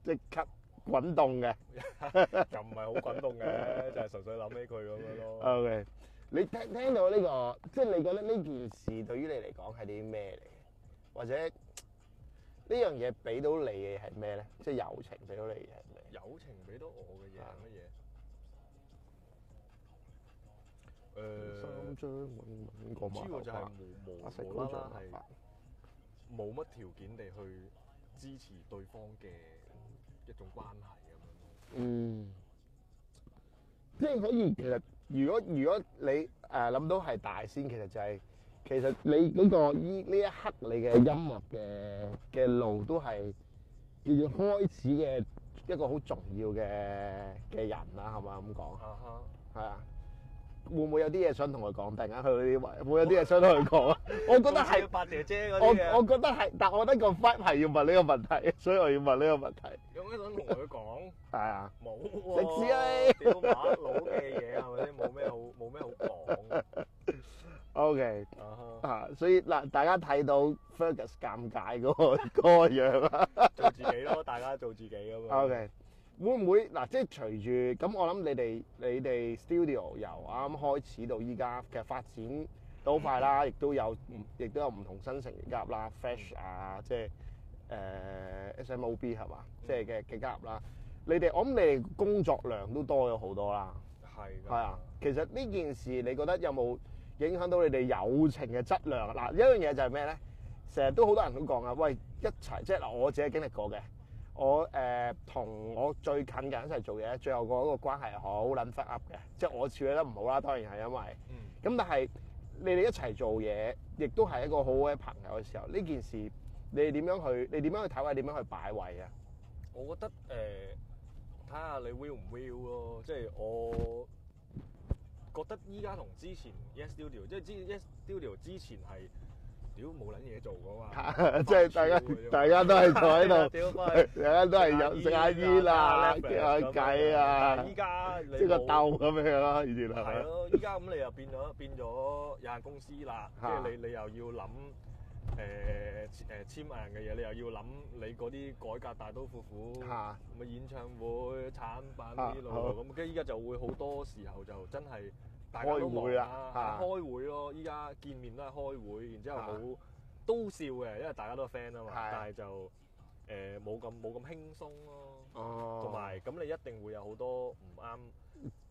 即刻滾動嘅， 又唔係好滾動嘅， 就係純粹諗起佢咁樣咯。O、okay. K，你聽聽到呢、呢個，即係你覺得呢件事對於你嚟講係啲咩嚟嘅，或者？呢樣嘢俾到你嘅係咩咧？即係友情俾到你嘅係咩？友情俾到我嘅嘢係乜嘢？誒，張，我知道就係，冇，冇，冇乜條件地去支持對方嘅一種關係。咁樣，嗯，即係可以。其實，如果，如果你，諗到係大先，其實就係。其實你嗰個依呢一刻你嘅音樂嘅嘅路都係要開始嘅一個好重要嘅嘅人啦，係咪咁講？啊係、uh huh. 啊，會唔會有啲嘢想同佢講定啊？佢會有啲嘢想同佢講啊？我覺得係八姐姐，我我覺得係，但我覺得個 vibe 係要問呢個問題，所以我要問呢個問題。有咩想同佢講？係、 哦、啊，冇食屎，啊，老嘢係咪先？冇咩好，冇咩好講。O.K. 啊，所以嗱，大家睇到 Fergus 尷尬嗰個嗰個樣，做自己咯，大家做自己噶嘛。O.K. 會唔會嗱？即係隨住咁，我諗你哋你哋 studio 由啱啱開始到依家，其實發展都好快啦，亦都有亦都有唔同新成員加入啦，fresh 啊，即係誒 S.M.O.B 係嘛，即係嘅嘅加入啦。你哋我諗你哋工作量都多咗好多啦，係係啊。其實呢件事，你覺得有冇影響到你哋友情嘅質量嗱，有一樣嘢就係咩咧？成日都好多人都講啊！喂，一齊即係嗱，我自己經歷過嘅，我誒、呃、同我最近嘅人一齊做嘢，最後個嗰個關係係好撚 fuck up 嘅，即係我處理得唔好啦。當然係因為，咁、嗯、但係你哋一齊做嘢，亦都係一個好好嘅朋友嘅時候，呢件事你點樣去？你點樣去睇位？點樣去擺位啊？我覺得誒，睇、呃、下你 will 唔 will 咯，即係我。覺得依家同之前 Yes Studio，即係之 Yes Studio 之前係屌冇撚嘢做噶嘛，即係大家大家都係坐喺度，大家都係飲食下煙啦，傾下偈啊，依家你冇。即個鬥咁樣咯，以前係。係咯，依家咁你又變咗變咗有限公司啦，即係你你又要諗。誒誒誒，千萬人嘅嘢，你又要諗你嗰啲改革大刀闊斧嚇，咁嘅演唱會產品啲路咁，跟住依家就會好多時候就真係大家都忙啦，開會咯，依家見面都係開會，然之後好都笑嘅，因為大家都 friend 啊嘛，但係就誒冇咁冇咁輕鬆咯，哦，同埋咁你一定會有好多唔啱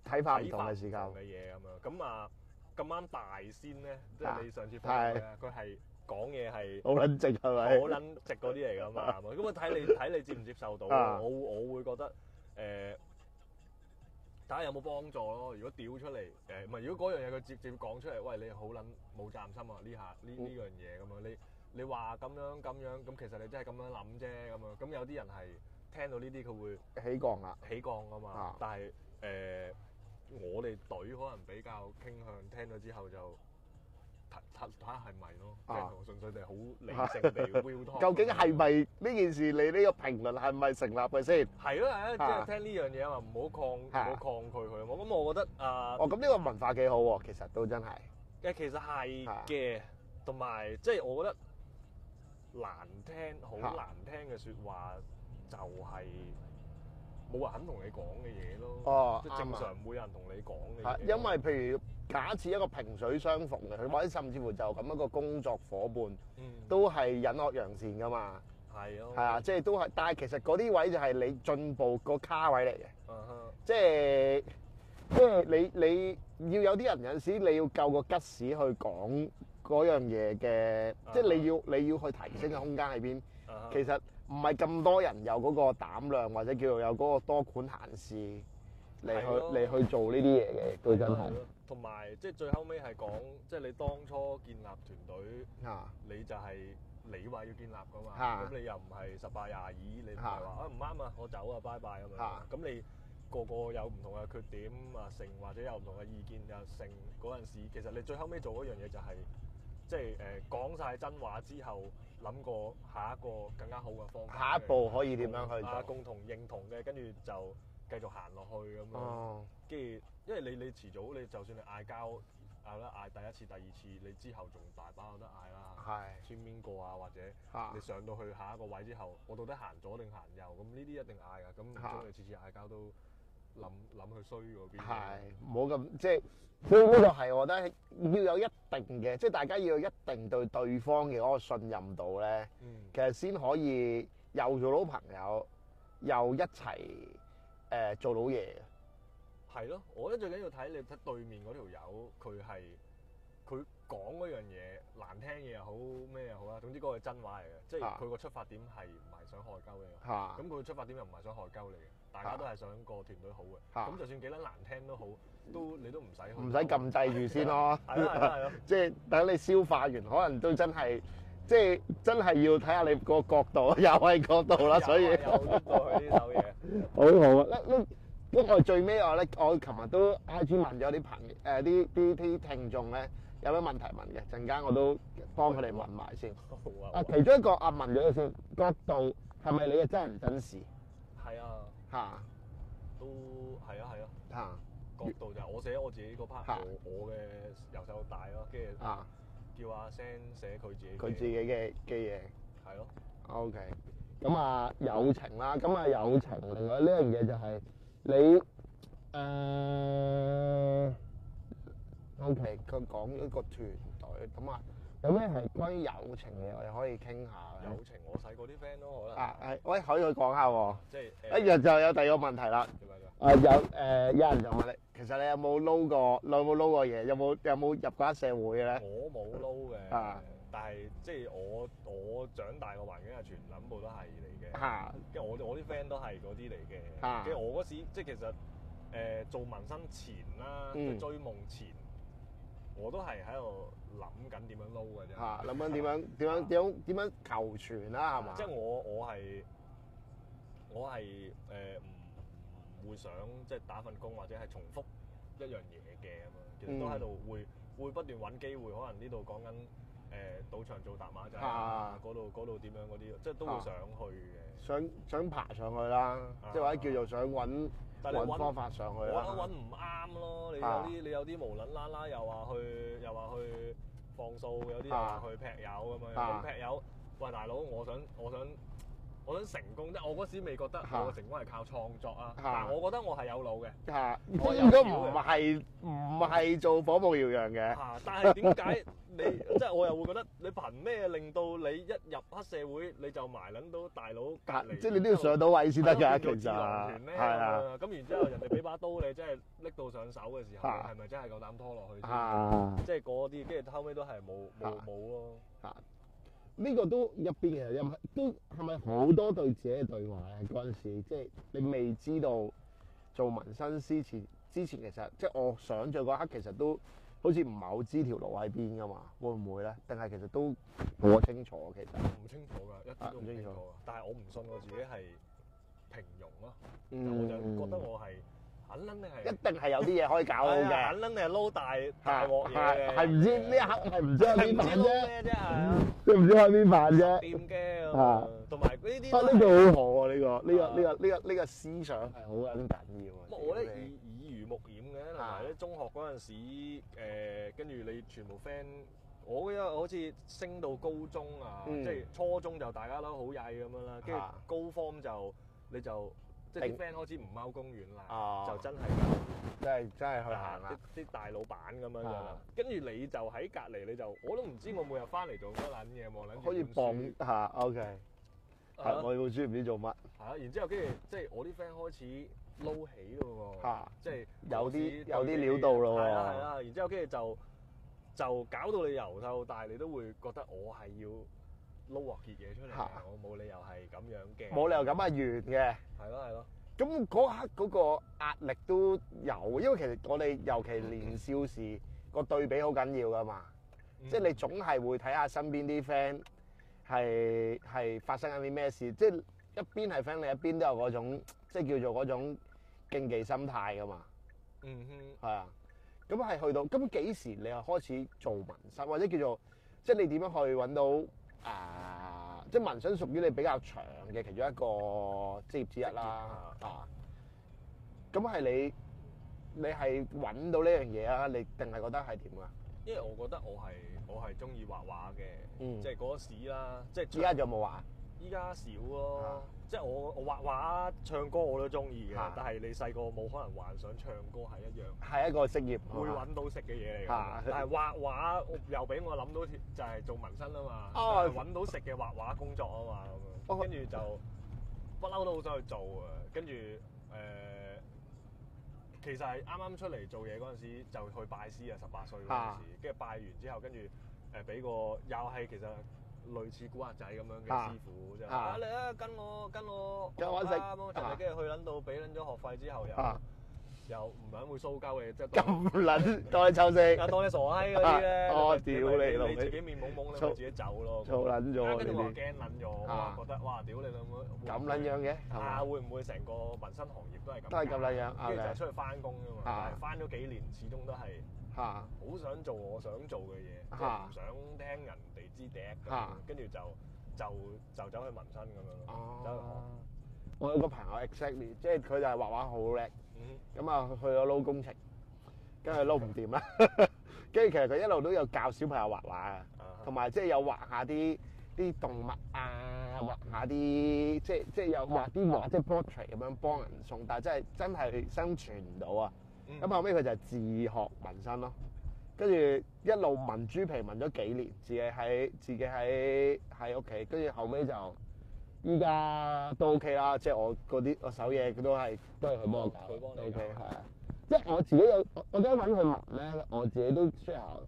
睇法唔同嘅時間嘅嘢咁啊，咁啊咁啱大先咧，即係你上次翻嚟佢係。講嘢係好撚直係咪？好撚直嗰啲嚟㗎嘛，咁我睇你睇你接唔接受到， 我我會覺得誒睇下有冇幫助咯。如果屌出嚟誒，唔、呃、係如果嗰樣嘢佢直接講出嚟，喂你好撚冇責任心啊！呢下呢呢樣嘢咁樣，你你話咁樣咁樣，咁其實你真係咁樣諗啫咁啊。咁有啲人係聽到呢啲佢會起降啊，起降㗎嘛。但係誒、呃、我哋隊可能比較傾向聽咗之後就。睇下係咪咯，即係純粹哋好理性地。 究竟係咪呢件事？你呢個評論係咪成立嘅先？係咯， 即係聽呢樣嘢啊嘛，唔好抗，唔好抗拒佢啊，咁我覺得啊，呃、哦，咁呢個文化幾好喎，其實都真係。誒，其實係嘅，同埋即係我覺得難聽，好難聽嘅説話就係、是。冇人肯同你講嘅嘢咯，即係正常冇人同你講嘅。係因為譬如假設一個萍水相逢嘅，或者甚至乎就咁一個工作夥伴，都係隱惡揚善噶嘛。係咯，係啊，即係都係，但係其實嗰啲位就係你進步個卡位嚟嘅，即係即係你你要有啲人有時你要夠個吉士去講嗰樣嘢嘅，即係你要你要去提升嘅空間喺邊，其實。唔係咁多人有嗰個膽量，或者叫做有嗰個多管閒事嚟去嚟去做呢啲嘢嘅，對，真係。同埋即係最後尾係講，即係你當初建立團隊，嚇你就係你話要建立㗎嘛，咁你又唔係十八廿二，你唔係話啊唔啱啊，我走啊拜拜 e 咁樣，咁你個個有唔同嘅缺點啊，成或者有唔同嘅意見又成嗰陣時，其實你最後尾做嗰樣嘢就係即係誒講晒真話之後。諗過下一個更加好嘅方法，下一步可以點樣去？啊，共同認同嘅，跟住就繼續行落去咁、oh. 樣。哦，跟住因為你你遲早你就算你嗌交嗌得嗌第一次、第二次，你之後仲大把有得嗌啦。係是。簽邊個啊？或者你上到去下一個位之後，我到底行左定行右？咁呢啲一定嗌噶。咁將來次次嗌交都。諗諗去衰嗰邊，係冇咁即係，呢呢個係我覺得要有一定嘅， 即係大家要有一定對對方嘅嗰個信任度咧，嗯、其實先可以又做到朋友，又一齊誒、呃、做到嘢，係咯。我覺得最緊要睇你睇對面嗰條友，佢係佢講嗰樣嘢。難聽嘢又好咩又好啦，總之嗰個係真話嚟嘅，即係佢個出發點係唔係想害鳩你嘅，咁佢出發點又唔係想害鳩你嚟嘅，大家都係想個團隊好嘅，咁就算幾撚難聽都好，都你都唔使唔使禁制住先咯，即係等你消化完，可能都真係即係真係要睇下你個角度，又係角度啦，所以有好多呢首嘢，好啊，呢呢呢個最尾我咧，我琴日都 IG 問咗啲朋誒啲啲啲聽眾咧。有咩問題問嘅陣間我都幫佢哋問埋先。啊，其中一個啊問咗先角度係咪你嘅真人真事？係啊，嚇，都係啊，係啊，嚇、啊、角度就係、我寫我自己嗰 part，啊、我嘅由細到大咯，跟住叫阿、啊、Sam 寫佢自己佢自己嘅嘅嘢。係咯。啊、OK，咁啊友情啦，咁啊友情，另外呢樣嘢就係、係、你誒。呃 O.K. 佢講一個團隊，咁啊有咩係關於友情嘅，我哋可以傾下。友情，我細個啲 friend 都好啦。啊，誒，喂，可以講下喎。即係，一日就有第二個問題啦。誒，有誒，有人就問你，其實你有冇撈過，你有冇撈過嘢，有冇有冇入過一社會咧？我冇撈嘅，但係即係我我長大個環境係全諗部都係你嘅。嚇！跟住我我啲 friend 都係嗰啲嚟嘅。嚇！跟住我嗰時即係其實誒做紋身前啦，追夢前。我都係喺度諗緊點樣撈嘅啫，嚇、啊！諗緊點樣點樣點樣點樣求存啦、啊，係嘛、啊？即係我我係我係誒唔唔會想即係打份工或者係重複一樣嘢嘅咁樣，其實都喺度會、嗯、會不斷揾機會，可能呢度講緊誒、呃、賭場做大馬仔、就是、啊，嗰度嗰度點樣嗰啲，即係都會想去嘅、啊。想想爬上去啦，即係話叫做想揾。方法上去我覺得揾唔啱咯，啊你，你有啲你有啲無撚啦啦，又話去又話去放數，有啲又話去劈友咁樣，咁劈友。喂，大佬，我想我想。我想成功，即係我嗰時未覺得我成功係靠創作啊，但我覺得我係有腦嘅。嚇，根本都唔係唔係做火舞耀揚嘅。嚇，但係點解你即係我又會覺得你憑咩令到你一入黑社會你就埋撚到大佬隔離？即係你都要上到位先得㗎，其實。係啊，咁然之後人哋俾把刀你，真係拎到上手嘅時候，係咪真係夠膽拖落去？即係嗰啲，跟住後尾都係冇冇冇咯。嚇！呢個都入邊其實都係咪好多對自己嘅對話啊？嗰陣時即係你未知道做紋身師前，之前其實即係我想象嗰刻，其實都好似唔係好知條路喺邊噶嘛，會唔會咧？定係其實都我清楚，其實唔清楚㗎，一啲都唔清楚㗎。啊、楚但係我唔信我自己係平庸咯，我就覺得我係。嗯肯定係，一定係有啲嘢可以搞到嘅。肯定係撈大大鑊嘅，係唔知呢一刻係唔知喺邊扮啫？佢唔知喺邊扮啫。點驚啊！同埋呢啲，啊呢個好學喎，呢個呢個呢個呢個呢個思想，係好緊要嘅。我咧耳耳濡目染嘅，同埋咧中學嗰陣時，誒跟住你全部 friend，我咧好似升到高中啊，即係初中就大家都好曳咁樣啦，跟住高 form 就你就。啲 friend 開始唔踎公園啦，啊、就真係，真係真係去行啦，啲、啊、大老闆咁樣樣，跟住、啊、你就喺隔離，你就我都唔知我每日翻嚟做乜撚嘢喎，撚可以蹦下，OK，係我會知唔知做乜，係然之後跟住即係我啲 friend 開始撈起嘅喎，即係有啲有啲料到咯喎，啊係啊，然之後跟住就就搞到你遊透，但係你都會覺得我係要。撈鑊結嘢出嚟，我冇理由係咁樣嘅。冇理由咁啊，完嘅。係咯，係咯。咁嗰刻嗰個壓力都有，因為其實我哋尤其年少時個對比好緊要噶嘛。即係你總係會睇下身邊啲 friend 係係發生緊啲咩事，即係一邊係 friend，你一邊都有嗰種即係叫做嗰種競技心態噶嘛。嗯哼。係啊，咁係去到咁幾時？你又開始做紋身，或者叫做即係你點樣去揾到？啊！即係文身屬於你比較長嘅其中一個職業之一啦，職業啊！咁係你，你係搵到呢樣嘢啊？你定係覺得係點啊？因為我覺得我係我係中意畫畫嘅，即係嗰時啦，即係。依家有冇畫？依家少咯。啊即係我我畫畫唱歌我都中意嘅，但係你細個冇可能幻想唱歌係一樣，係一個職業，會揾到食嘅嘢嚟。啊、但係畫畫又俾我諗到就係做紋身啊嘛，啊、揾到食嘅畫畫工作嘛啊嘛，咁跟住就不嬲都好想去做。跟住誒，其實係啱啱出嚟做嘢嗰陣時就去拜師啊，十八歲嗰陣時，跟住拜完之後跟住誒俾個又係其實。類似古惑仔咁樣嘅師傅啫，啊你啊跟我跟我啊啱啊，跟住去撚到俾撚咗學費之後又又唔肯會騷鳩嘅，即係咁撚當你抽死，啊當你傻閪嗰啲咧，哦，屌你老味，你自己面懵懵咯，自己走咯，嘈撚咗，跟住我驚撚咗，覺得哇屌你老母，咁撚樣嘅，嚇會唔會成個民生行業都係都係咁撚樣，跟住就出去翻工㗎嘛，翻咗幾年始終都係。嚇！好想做我想做嘅嘢，即係唔想聽人哋支笛咁跟住就就就走去紋身咁樣。哦，我有個朋友 exactly，即係佢就係畫畫好叻，咁啊去咗撈工程，跟住撈唔掂啦。跟住其實佢一路都有教小朋友畫畫啊，同埋即係有畫下啲啲動物啊，畫下啲即係即係有畫啲畫即係 portrait 咁樣幫人送，但係真係真係生存唔到啊！咁後尾佢就自學紋身咯，跟住一路紋豬皮紋咗幾年，自己喺自己喺喺屋企，跟住後尾就依家都 OK 啦，即係我嗰啲我手嘢佢都係都係佢幫我搞，O K 係啊。即係我自己有我而家揾佢紋咧，我自己都出口，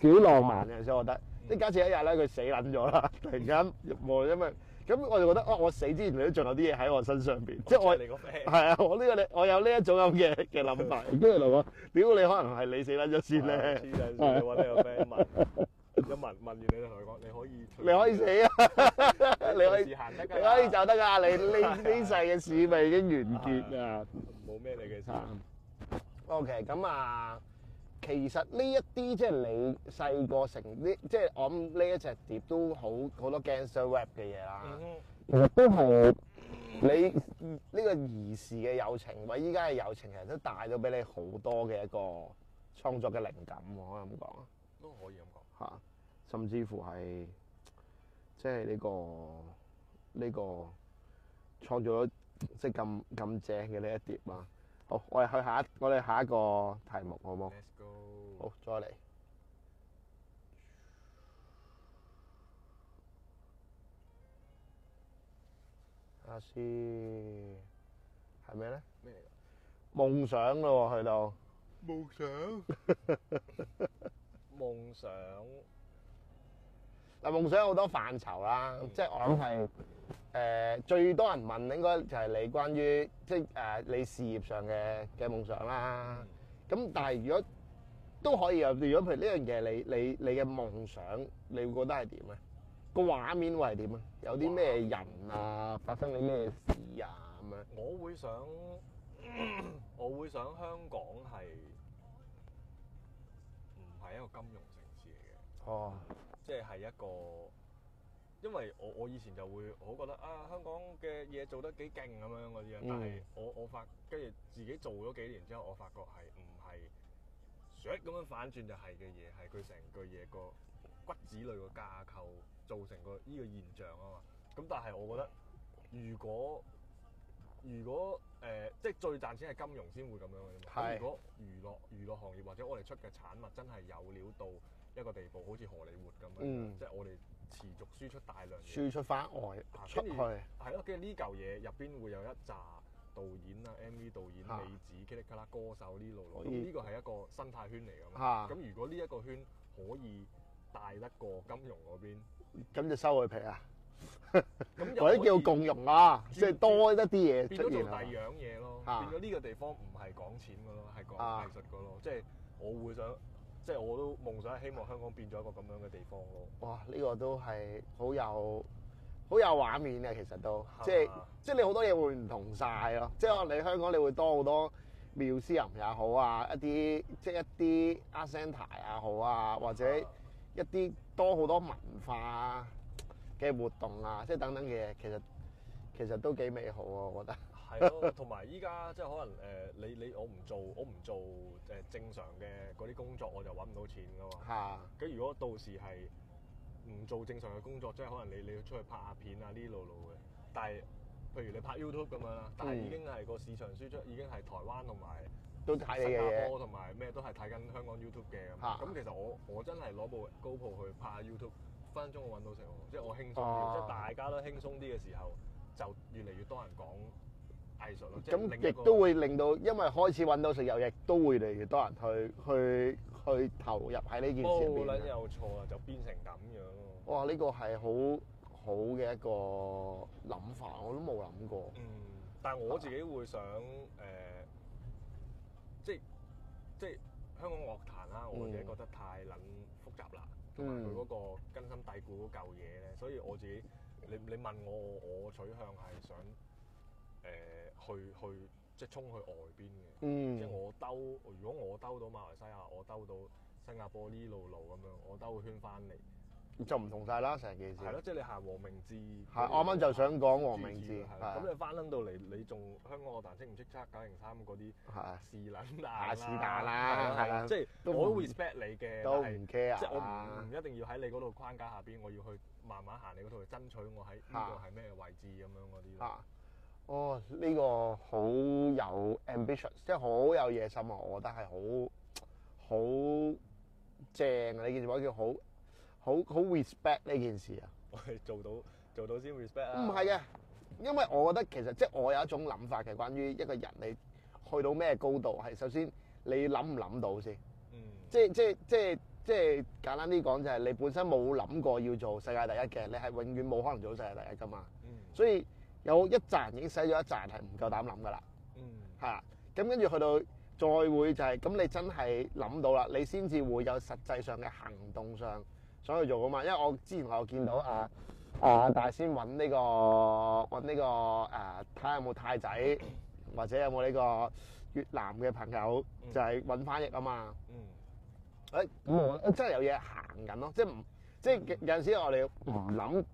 幾浪漫嘅，所以我覺得，即假設一日咧佢死撚咗啦，突然間冇因為。咁我就覺得，哦，我死之前，你都仲有啲嘢喺我身上邊，即係我係，係啊， 我呢、呢個你，我有呢一種咁嘅嘅諗法。跟住同我，屌你可能係你死得咗先咧。我、 啊、你有 friend 問， 一問問完你同佢講，你可以，你可以死啊，你可以，行得 你可以走得㗎， 你你呢世嘅事咪已經完結 啊。冇咩你嘅生。 OK，咁啊。其實呢一啲即係你細個成呢，即係我諗呢一隻碟都好好多 gangster rap 嘅嘢啦。其實都係你呢、這個兒時嘅友情，或依家嘅友情人，其實都帶咗俾你好多嘅一個創作嘅靈感，可以咁講啊。都可以咁講。嚇，甚至乎係即係呢個呢、這個創造咗即係咁咁正嘅呢一碟啊！好，我哋去下一，我哋下一個題目好冇？好，再嚟。阿師係咩咧？咩嚟？夢想咯，去到。夢想。夢想。嗱，夢想有好多範疇啦，嗯、即係我諗係誒最多人問應該就係你關於即係誒、呃、你事業上嘅嘅夢想啦。咁、嗯、但係如果都可以啊，如果譬如呢樣嘢，你你你嘅夢想，你會覺得係點啊？個畫面會係點啊？有啲咩人啊？哇發生你咩事啊？咁樣？我會想， 我會想香港係唔係一個金融城市嚟嘅？哦。Oh. 即係一個，因為我我以前就會我覺得啊香港嘅嘢做得幾勁咁樣嗰啲啊。嗯、但係我我發跟住自己做咗幾年之後，我發覺係唔係想咁樣反轉就係嘅嘢，係佢成個嘢個骨子裏個架構造成個呢個現象啊嘛。咁但係我覺得如果如果誒、呃，即係最賺錢係金融先會咁樣嘅嘛。是如果娛樂娛樂行業或者我哋出嘅產物真係有料到。一個地步好似荷里活咁樣，即係我哋持續輸出大量嘢，輸出翻外出去係咯。跟住呢嚿嘢入邊會有一紮導演啦、MV 導演、美子、Kiki 啦、歌手呢路路。呢個係一個生態圈嚟㗎嘛。咁如果呢一個圈可以大得過金融嗰邊，咁就收佢皮啊。或者叫共融啊，即係多一啲嘢出現。變咗第二樣嘢咯。變咗呢個地方唔係講錢㗎咯，係講藝術㗎咯。即係我會想。即係我都夢想，希望香港變咗一個咁樣嘅地方咯。哇！呢、這個都係好有好有畫面嘅，其實都、就是啊、即係即係你好多嘢會唔同晒咯。即係你香港，你會多好多 Museum 也好啊，一啲即係一啲 Art Center 也好啊，或者一啲多好多文化嘅活動啊，即係等等嘅嘢，其實其實都幾美好啊，我覺得。係咯， 同埋依家即係可能誒、呃，你你我唔做，我唔做誒正常嘅嗰啲工作，我就揾唔到錢噶嘛。嚇！咁如果到時係唔做正常嘅工作，即係可能你你要出去拍下片啊呢路路嘅，但係譬如你拍 YouTube 咁樣啦，但係已經係個市場輸出、嗯、已經係台灣同埋都睇嘅嘢，新加坡同埋咩都係睇緊香港 YouTube 嘅咁。咁、啊、其實我我真係攞部 GoPro 去拍 YouTube，分分鐘我揾到食喎，即係我輕鬆啲，即係、啊、大家都輕鬆啲嘅時候，就越嚟越多人講。咁亦都會令到，因為開始揾到石油，亦都會越嚟越多人去去去投入喺呢件事入面。冇撚有錯啊，就變成咁樣。哇！呢、呢個係好好嘅一個諗法，我都冇諗過。嗯，但係我自己會想誒、呃，即係即係香港樂壇啦，嗯、我自己覺得太撚複雜啦，同埋佢嗰個根深蒂固嗰舊嘢咧，所以我自己，你你問我我取向係想。誒去去即係衝去外邊嘅，即係我兜。如果我兜到馬來西亞，我兜到新加坡呢路路咁樣，我兜個圈翻嚟就唔同晒啦，成件事係咯。即係你行黃明志，係啱啱就想講黃明志。咁你翻返到嚟，你仲香港嗰啲唔識唔識九零三嗰啲係啊？試撚吓啦，試吓啦，係啦。即係我都 respect 你嘅，都唔 care 啊。即係我唔一定要喺你嗰度框架下邊，我要去慢慢行你嗰度去爭取，我喺呢度係咩位置咁樣嗰啲啊。哦，呢、oh，個好有 ambitious，即係好有野心啊！我覺得係好好正 啊！呢件嘢叫好好好 respect 呢件事啊！我係做到做到先 respect 啦。唔係嘅，因為我覺得其實即係我有一種諗法嘅，關於一個人你去到咩高度，係首先你諗唔諗到先。嗯。即即即即簡單啲講，就係、是、你本身冇諗過要做世界第一嘅，你係永遠冇可能做到世界第一噶嘛。嗯、所以。有一站已經使咗一站，係唔夠膽諗噶啦。嗯，嚇咁跟住去到再會就係、是、咁，你真係諗到啦，你先至會有實際上嘅行動上想去做噶嘛。因為我之前我見到阿、啊、阿、啊、大仙揾呢、這個揾呢個誒、啊、睇下有冇太仔，或者有冇呢個越南嘅朋友，嗯、就係揾翻譯啊嘛嗯。嗯，誒咁、欸、我真係有嘢行緊咯，即係即係有陣時我哋諗。嗯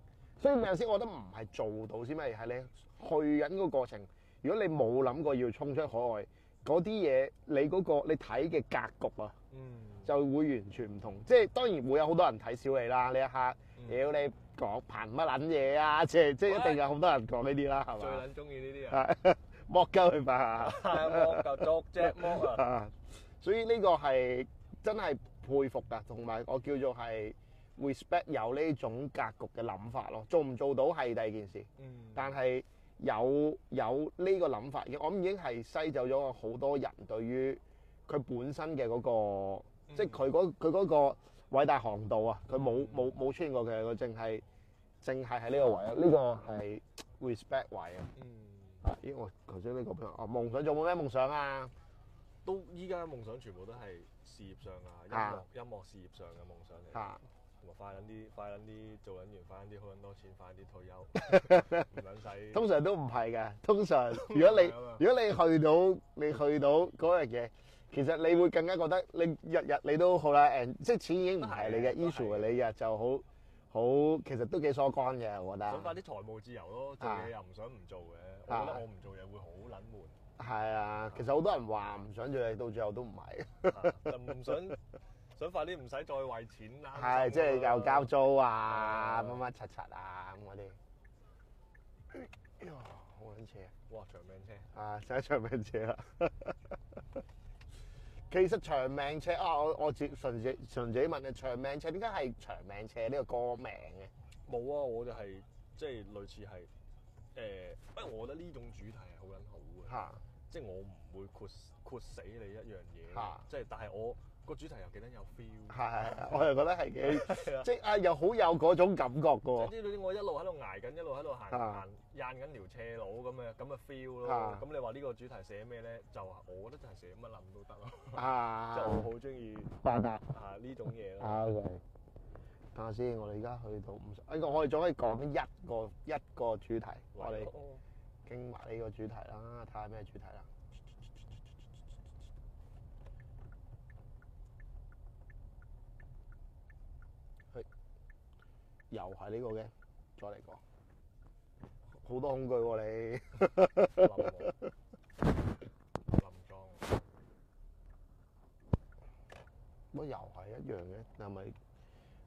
所以有陣時我覺得唔係做到先咩，係你去緊個過程。如果你冇諗過要衝出海外，嗰啲嘢，你嗰、嗰個你睇嘅格局啊，嗯、就會完全唔同。即係當然會有好多人睇小你啦。你一刻屌、嗯、你講憑乜撚嘢啊？喂即係即係一定有好多人講呢啲啦，係嘛？最撚中意呢啲啊！摸鳩佢吧，摸鳩足啫，摸 所以呢個係真係佩服噶，同埋我叫做係。respect 有呢種格局嘅諗法咯，做唔做到係第二件事。嗯、但係有有呢個諗法，我諗已經係篩走咗好多人對於佢本身嘅嗰、嗰個，嗯、即係佢嗰佢嗰個偉大航道啊，佢冇冇冇 change 過嘅，佢淨係淨係喺呢個位啊。呢、呢個係 respect 位啊。嗯、啊，咦？我頭先呢個啊，夢想仲冇咩夢想啊？都依家夢想全部都係事業上啊，音樂音樂事業上嘅夢想嚟。啊啊快撚啲，快啲，做緊完，快撚啲，好撚多錢，快啲退休，唔卵使。通常都唔係嘅，通常，如果你 這如果你去到你去到嗰日嘢，其實你會更加覺得你日日你都好啦，誒，即係錢已經唔係你嘅 issue 你嘅，就好好，其實都幾疏肝嘅，我覺得。想快啲財務自由咯，自己又唔想唔做嘅，啊、我覺得我唔做嘢會好卵悶。係啊，其實好多人話唔想做嘢，到最後都唔係，就 唔、啊、想。想快啲唔使再為錢啦，係即係又交租啊，乜乜七七啊咁嗰啲。哇，長命車啊！哇，長命車啊！使長命車啊！其實長命車啊，我我純純粹純粹問你長命車點解係長命車呢個歌名嘅？冇啊，我就係、是、即係類似係誒，不、呃、過我覺得呢種主題係好撚好嘅。啊、即係我唔會闊闊死你一樣嘢。嚇、啊！即係但係我。個主題又幾得有 feel，係係我又覺得係幾 的即啊，又好有嗰種感覺嘅喎。總之，我一路喺度挨緊，一路喺度行，行的，行緊條斜路咁樣，咁啊 feel 咯。咁你話呢個主題寫咩咧？就我覺得就係寫乜諗都得咯。啊！ 就好中意啊呢種嘢咯。啊，等下先、啊啊 okay，我哋而家去到五十。哎，我哋仲可以講一個一個主題。我哋傾埋呢個主題啦，睇下咩主題啦。又係呢、這個嘅，再嚟講，好多恐懼喎你，林裝，不過又係一樣嘅，但係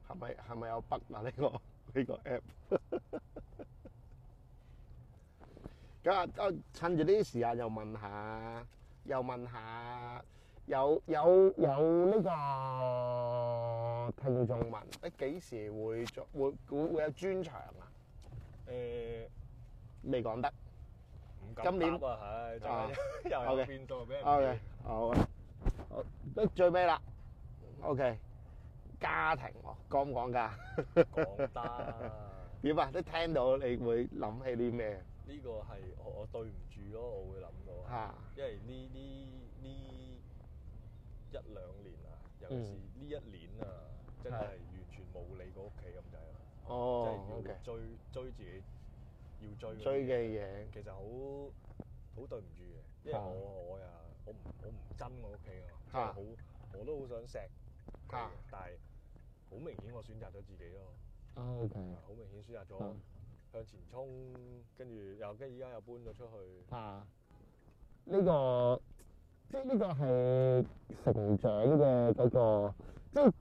係咪係咪有不難呢、這個呢、這個 app？咁啊，趁住啲時間又問下，又問下。有有有呢個聽眾問，你幾時會做？會會會有專場啊？誒，未講得。今年啊，唉，又又變到俾人。OK，好啊。好，都最尾啦。OK，家庭哦，講唔講㗎？講得。點啊？你聽到你會諗起啲咩？呢個係我我對唔住咯，我會諗到。嚇！因為呢啲。一兩年啊，尤其是呢一年啊，真係完全冇理過屋企咁滯啊！哦，即係追追自己要追追嘅嘢，其實好好對唔住嘅，因為我我又我唔我唔憎我屋企啊，即係好我都好想錫佢，但係好明顯我選擇咗自己咯。OK，好明顯選擇咗向前衝，跟住又跟依家又搬咗出去。啊，呢個。即係呢個係成長嘅嗰個，即係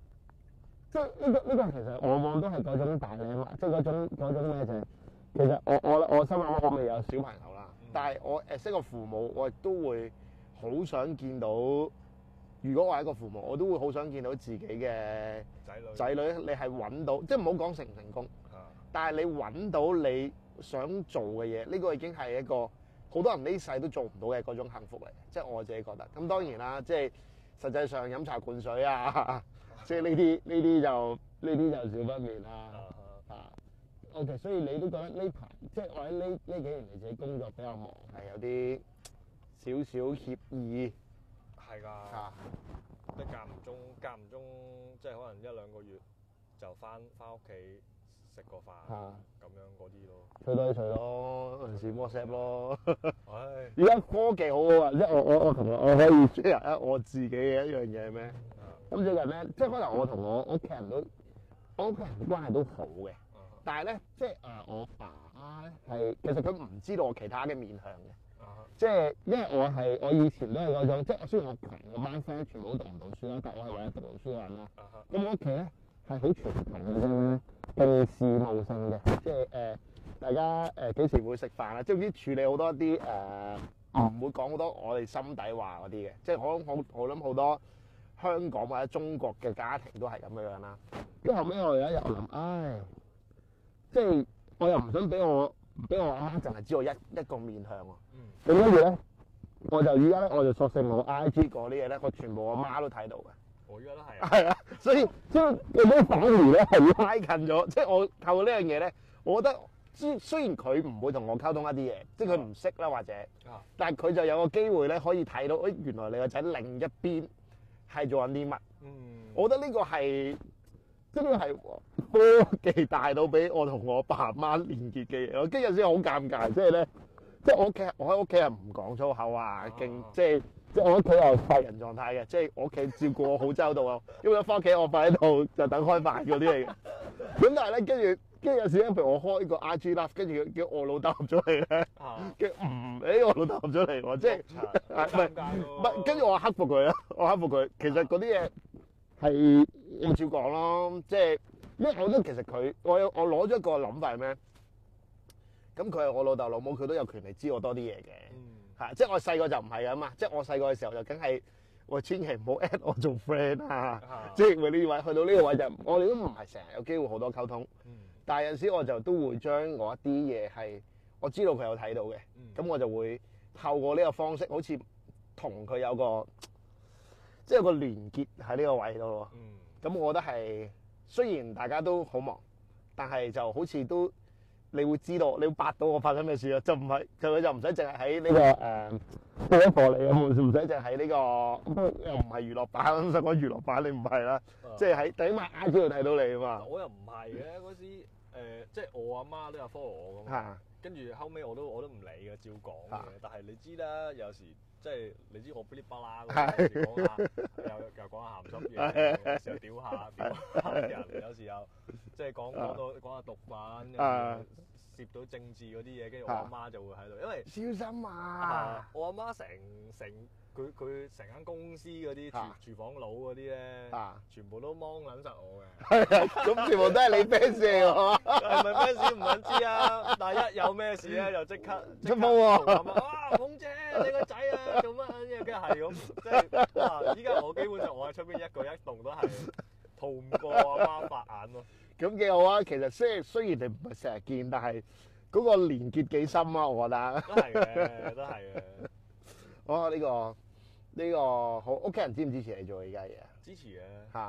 即係呢個呢個其實往往都係嗰種大嶺話，即係嗰種嗰種咩就係，其實我我我，我心入面我未有小朋友啦，但係我誒識個父母，我亦都會好想見到。如果我係一個父母，我都會好想見到自己嘅仔女仔女，你係揾到，即係唔好講成唔成功，但係你揾到你想做嘅嘢，呢個已經係一個。好多人呢世都做唔到嘅嗰種幸福嚟，即係我自己覺得。咁當然啦，即係實際上飲茶灌水啊，即係呢啲呢啲就呢啲就少不免啦、啊。啊 ，OK，所以你都覺得呢排即係我喺呢呢幾年嚟自己工作比較忙，係有啲少少歉意。係㗎，即係間唔中間唔中，即係可能一兩個月就翻翻屋企。食個飯，咁、啊、樣嗰啲咯，除低除咯，平時 WhatsApp 咯。唉、哎，而家科技好好啊，即係我我我琴日我可以 share 啊我自己嘅一樣嘢咩？咁、嗯、最近咧，即係可能我同我屋企人都，我屋企人，人關係都好嘅。啊啊、但係咧，即係啊、呃，我爸咧係，其實佢唔知道我其他嘅面向嘅。啊啊、即係，因為我係我以前都係嗰種，即係雖然我窮我班 friend 全部讀唔到書啦，但係我係唯一讀到書嘅人啦。咁我屋企咧。係好傳統嘅，定事務性嘅，即係誒、呃、大家誒幾、呃、時會食飯啊？即係啲處理好多啲誒，唔、呃 oh. 會講好多我哋心底話嗰啲嘅，即係我諗好，我諗好多香港或者中國嘅家庭都係咁樣樣啦。咁後尾我而家又諗，唉，即係我又唔想俾我俾我媽淨係知道我一一個面向喎、啊。咁跟住咧，我就而家咧我就索性我 IG 嗰啲嘢咧，我全部我媽、oh. 都睇到嘅。係啊，啊，所以即係嗰種反而咧係拉近咗，即係我透過呢樣嘢咧，我覺得，雖雖然佢唔會同我溝通一啲嘢，即係佢唔識啦或者，但係佢就有個機會咧可以睇到，哎，原來你個仔另一邊係做緊啲乜？嗯，我覺得呢個係真係科技大到俾我同我爸媽連結嘅嘢。我今日先好尷尬，即係咧，即係我屋企我喺屋企人唔講粗口啊，勁即係。即係我屋企又係廢人狀態嘅，即係我屋企照顧我好周到啊！ 因為一翻屋企我瞓喺度就等開飯嗰啲嚟嘅。咁 但係咧，跟住跟住有時咧，譬如我開個 IG Live，跟住叫我老豆入咗嚟咧，叫唔俾我老豆入咗嚟喎，嗯、即係唔係？跟住、嗯、不我克服佢啊，我克服佢。其實嗰啲嘢係咁照講咯，即係咩？因為我覺得其實佢，我有我攞咗一個諗法係咩？咁佢係我老豆老母，佢都有權利知我多啲嘢嘅。嗯即係我細個就唔係啊嘛，即係我細個嘅時候就梗係我千祈唔好 at 我做 friend 啊，uh huh. 即係呢位去到呢個位就， 我哋都唔係成日有機會好多溝通，mm. 但係有時我就都會將我一啲嘢係我知道佢有睇到嘅，咁、mm. 我就會透過呢個方式，好似同佢有個、mm. 即有個連結喺呢個位度，咁、mm. 我覺得係雖然大家都好忙，但係就好似都。你會知道，你會八到我發生咩事啊？就唔係，佢就唔使淨係喺呢個誒，follow 你嘅，唔使淨係喺呢個，又唔係娛樂版。實講娛樂版，你唔係啦，即係喺，第一晚，I Q 度睇到你啊嘛。我又唔係嘅，嗰時、呃、即係我阿媽，媽都有 follow 我嘅。嚇！跟住後尾我都我都唔理嘅，照講嘅。但係你知啦，有時即係你知我噼里啪啦，又講下，又又講下鹹濕嘢，有時又屌下，屌人，有時又。即係講講講下毒品，涉、uh, 到政治嗰啲嘢，跟住我阿媽就會喺度，因為小心啊！啊我阿媽成成佢佢成間公司嗰啲廚房佬嗰啲咧，uh, uh, 全部都懵捻實我嘅，咁 全部都係你 band 我，係咪 band 唔肯知啊？但係一有咩事咧，就即刻出毛啊！哇，鳳姐你個仔啊，做乜啊？跟住係咁，即係依家我基本上我喺出邊一舉一動都係逃唔過我阿媽法眼咯。咁幾好啊！其實雖雖然你唔係成日見，但係嗰個連結幾深啊！我覺得都係嘅，都係嘅。哦，呢個呢個好，屋企人支唔支持你做呢家嘢？支持啊？吓？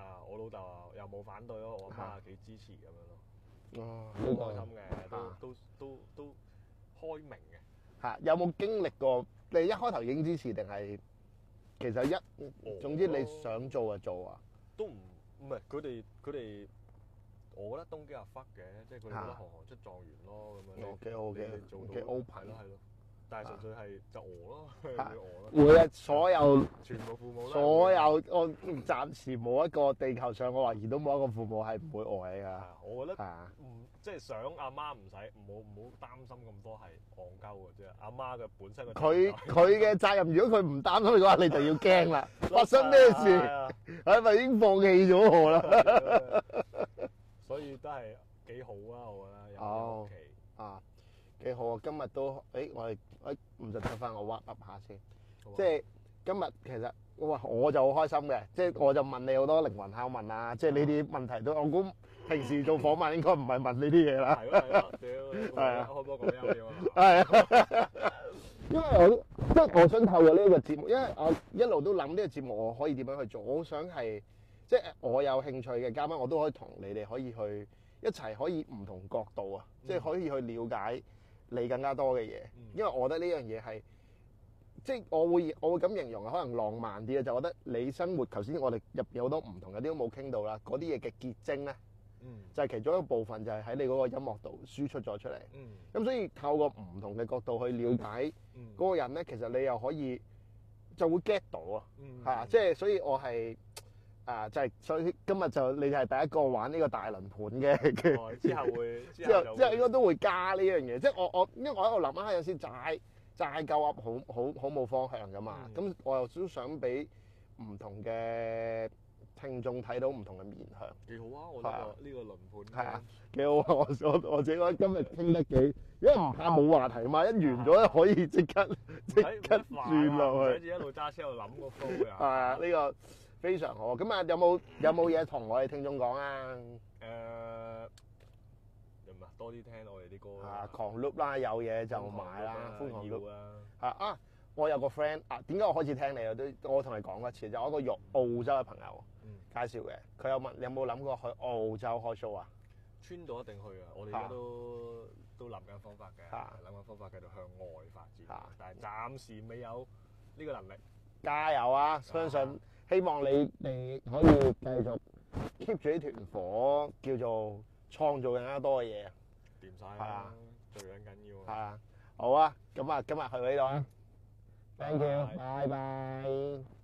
啊，我老豆啊，又冇反對咯，我媽幾支持咁樣咯。哦，好開心嘅、啊，都都都都開明嘅。嚇、啊，有冇經歷過？你一開頭已經支持定係其實一我總之你想做就做啊？都唔唔係佢哋佢哋。我覺得東京係屈嘅，即係佢哋覺得行行出狀元咯咁樣，嘅，你做到幾 open 咯係咯，但係純粹係就我咯，就我咯。每日所有全部父母，所有我暫時冇一個地球上我懷疑都冇一個父母係唔會愛你㗎。我覺得，係啊，唔即係想阿媽唔使唔好唔好擔心咁多係戇鳩嘅啫。阿媽嘅本身嘅佢佢嘅責任，如果佢唔擔心嘅話，你就要驚啦。發生咩事係咪已經放棄咗我啦？所以都係幾好啊！我覺得有屋企啊，幾好啊！今日都誒，我哋誒唔使出翻我挖 Up 下先，即係今日其實我我就好開心嘅，即係我就問你好多靈魂拷問啊，即係呢啲問題都，我估平時做訪問應該唔係問呢啲嘢啦。係啊，屌，開波咁樣屌啊！係，因為我即係我想透過呢個節目，因為我一路都諗呢個節目我可以點樣去做，我想係。即係我有興趣嘅嘉賓，我都可以同你哋可以去一齊，可以唔同角度啊，嗯、即係可以去了解你更加多嘅嘢。因為我覺得呢樣嘢係即係我會我會咁形容可能浪漫啲啊，就是、覺得你生活頭先我哋入邊有好多唔同嘅，啲都冇傾到啦。嗰啲嘢嘅結晶咧，嗯、就係其中一個部分，就係喺你嗰個音樂度輸出咗出嚟。咁、嗯嗯、所以透過唔同嘅角度去了解嗰個人咧，嗯嗯、其實你又可以就會 get 到啊，嚇！即係、嗯嗯、所以我係。嗯啊！就係、係、所以今日就你係第一個玩呢個大輪盤嘅，哦，之後會之後會 之後應該都會加呢樣嘢。即係我我因為我喺度諗下有時債債夠噏，好好好冇方向噶嘛。咁的我又都想俾唔同嘅聽眾睇到唔同嘅面向。幾好啊！我覺得呢個輪盤係啊，幾好啊！我我自己覺得今日傾得幾，因為唔怕冇話題嘛。一完咗咧，可以即刻即刻轉落去，唔使，啊、一路揸車一路諗個風㗎。啊，呢， 啊呢個。非常好，咁啊！有冇有冇嘢同我哋聽眾講啊？誒，唔多啲聽我哋啲歌啊，狂碌啦，有嘢就買啦。瘋狂 loop 啦！啊，我有個 friend 啊，點解我開始聽你啊？都我同你講一次，就我一個用澳洲嘅朋友介紹嘅。佢有問你有冇諗過去澳洲開 show 啊？穿咗一定去啊！我哋而家都都諗緊方法嘅，諗緊方法繼續向外發展，但係暫時未有呢個能力。加油啊！相信。希望你哋可以繼續 keep 住呢團火，叫做創造更加多嘅嘢。掂曬啦，最緊緊要啊！係啊，好啊，咁啊，今日去到呢度。啊。Thank you，拜拜。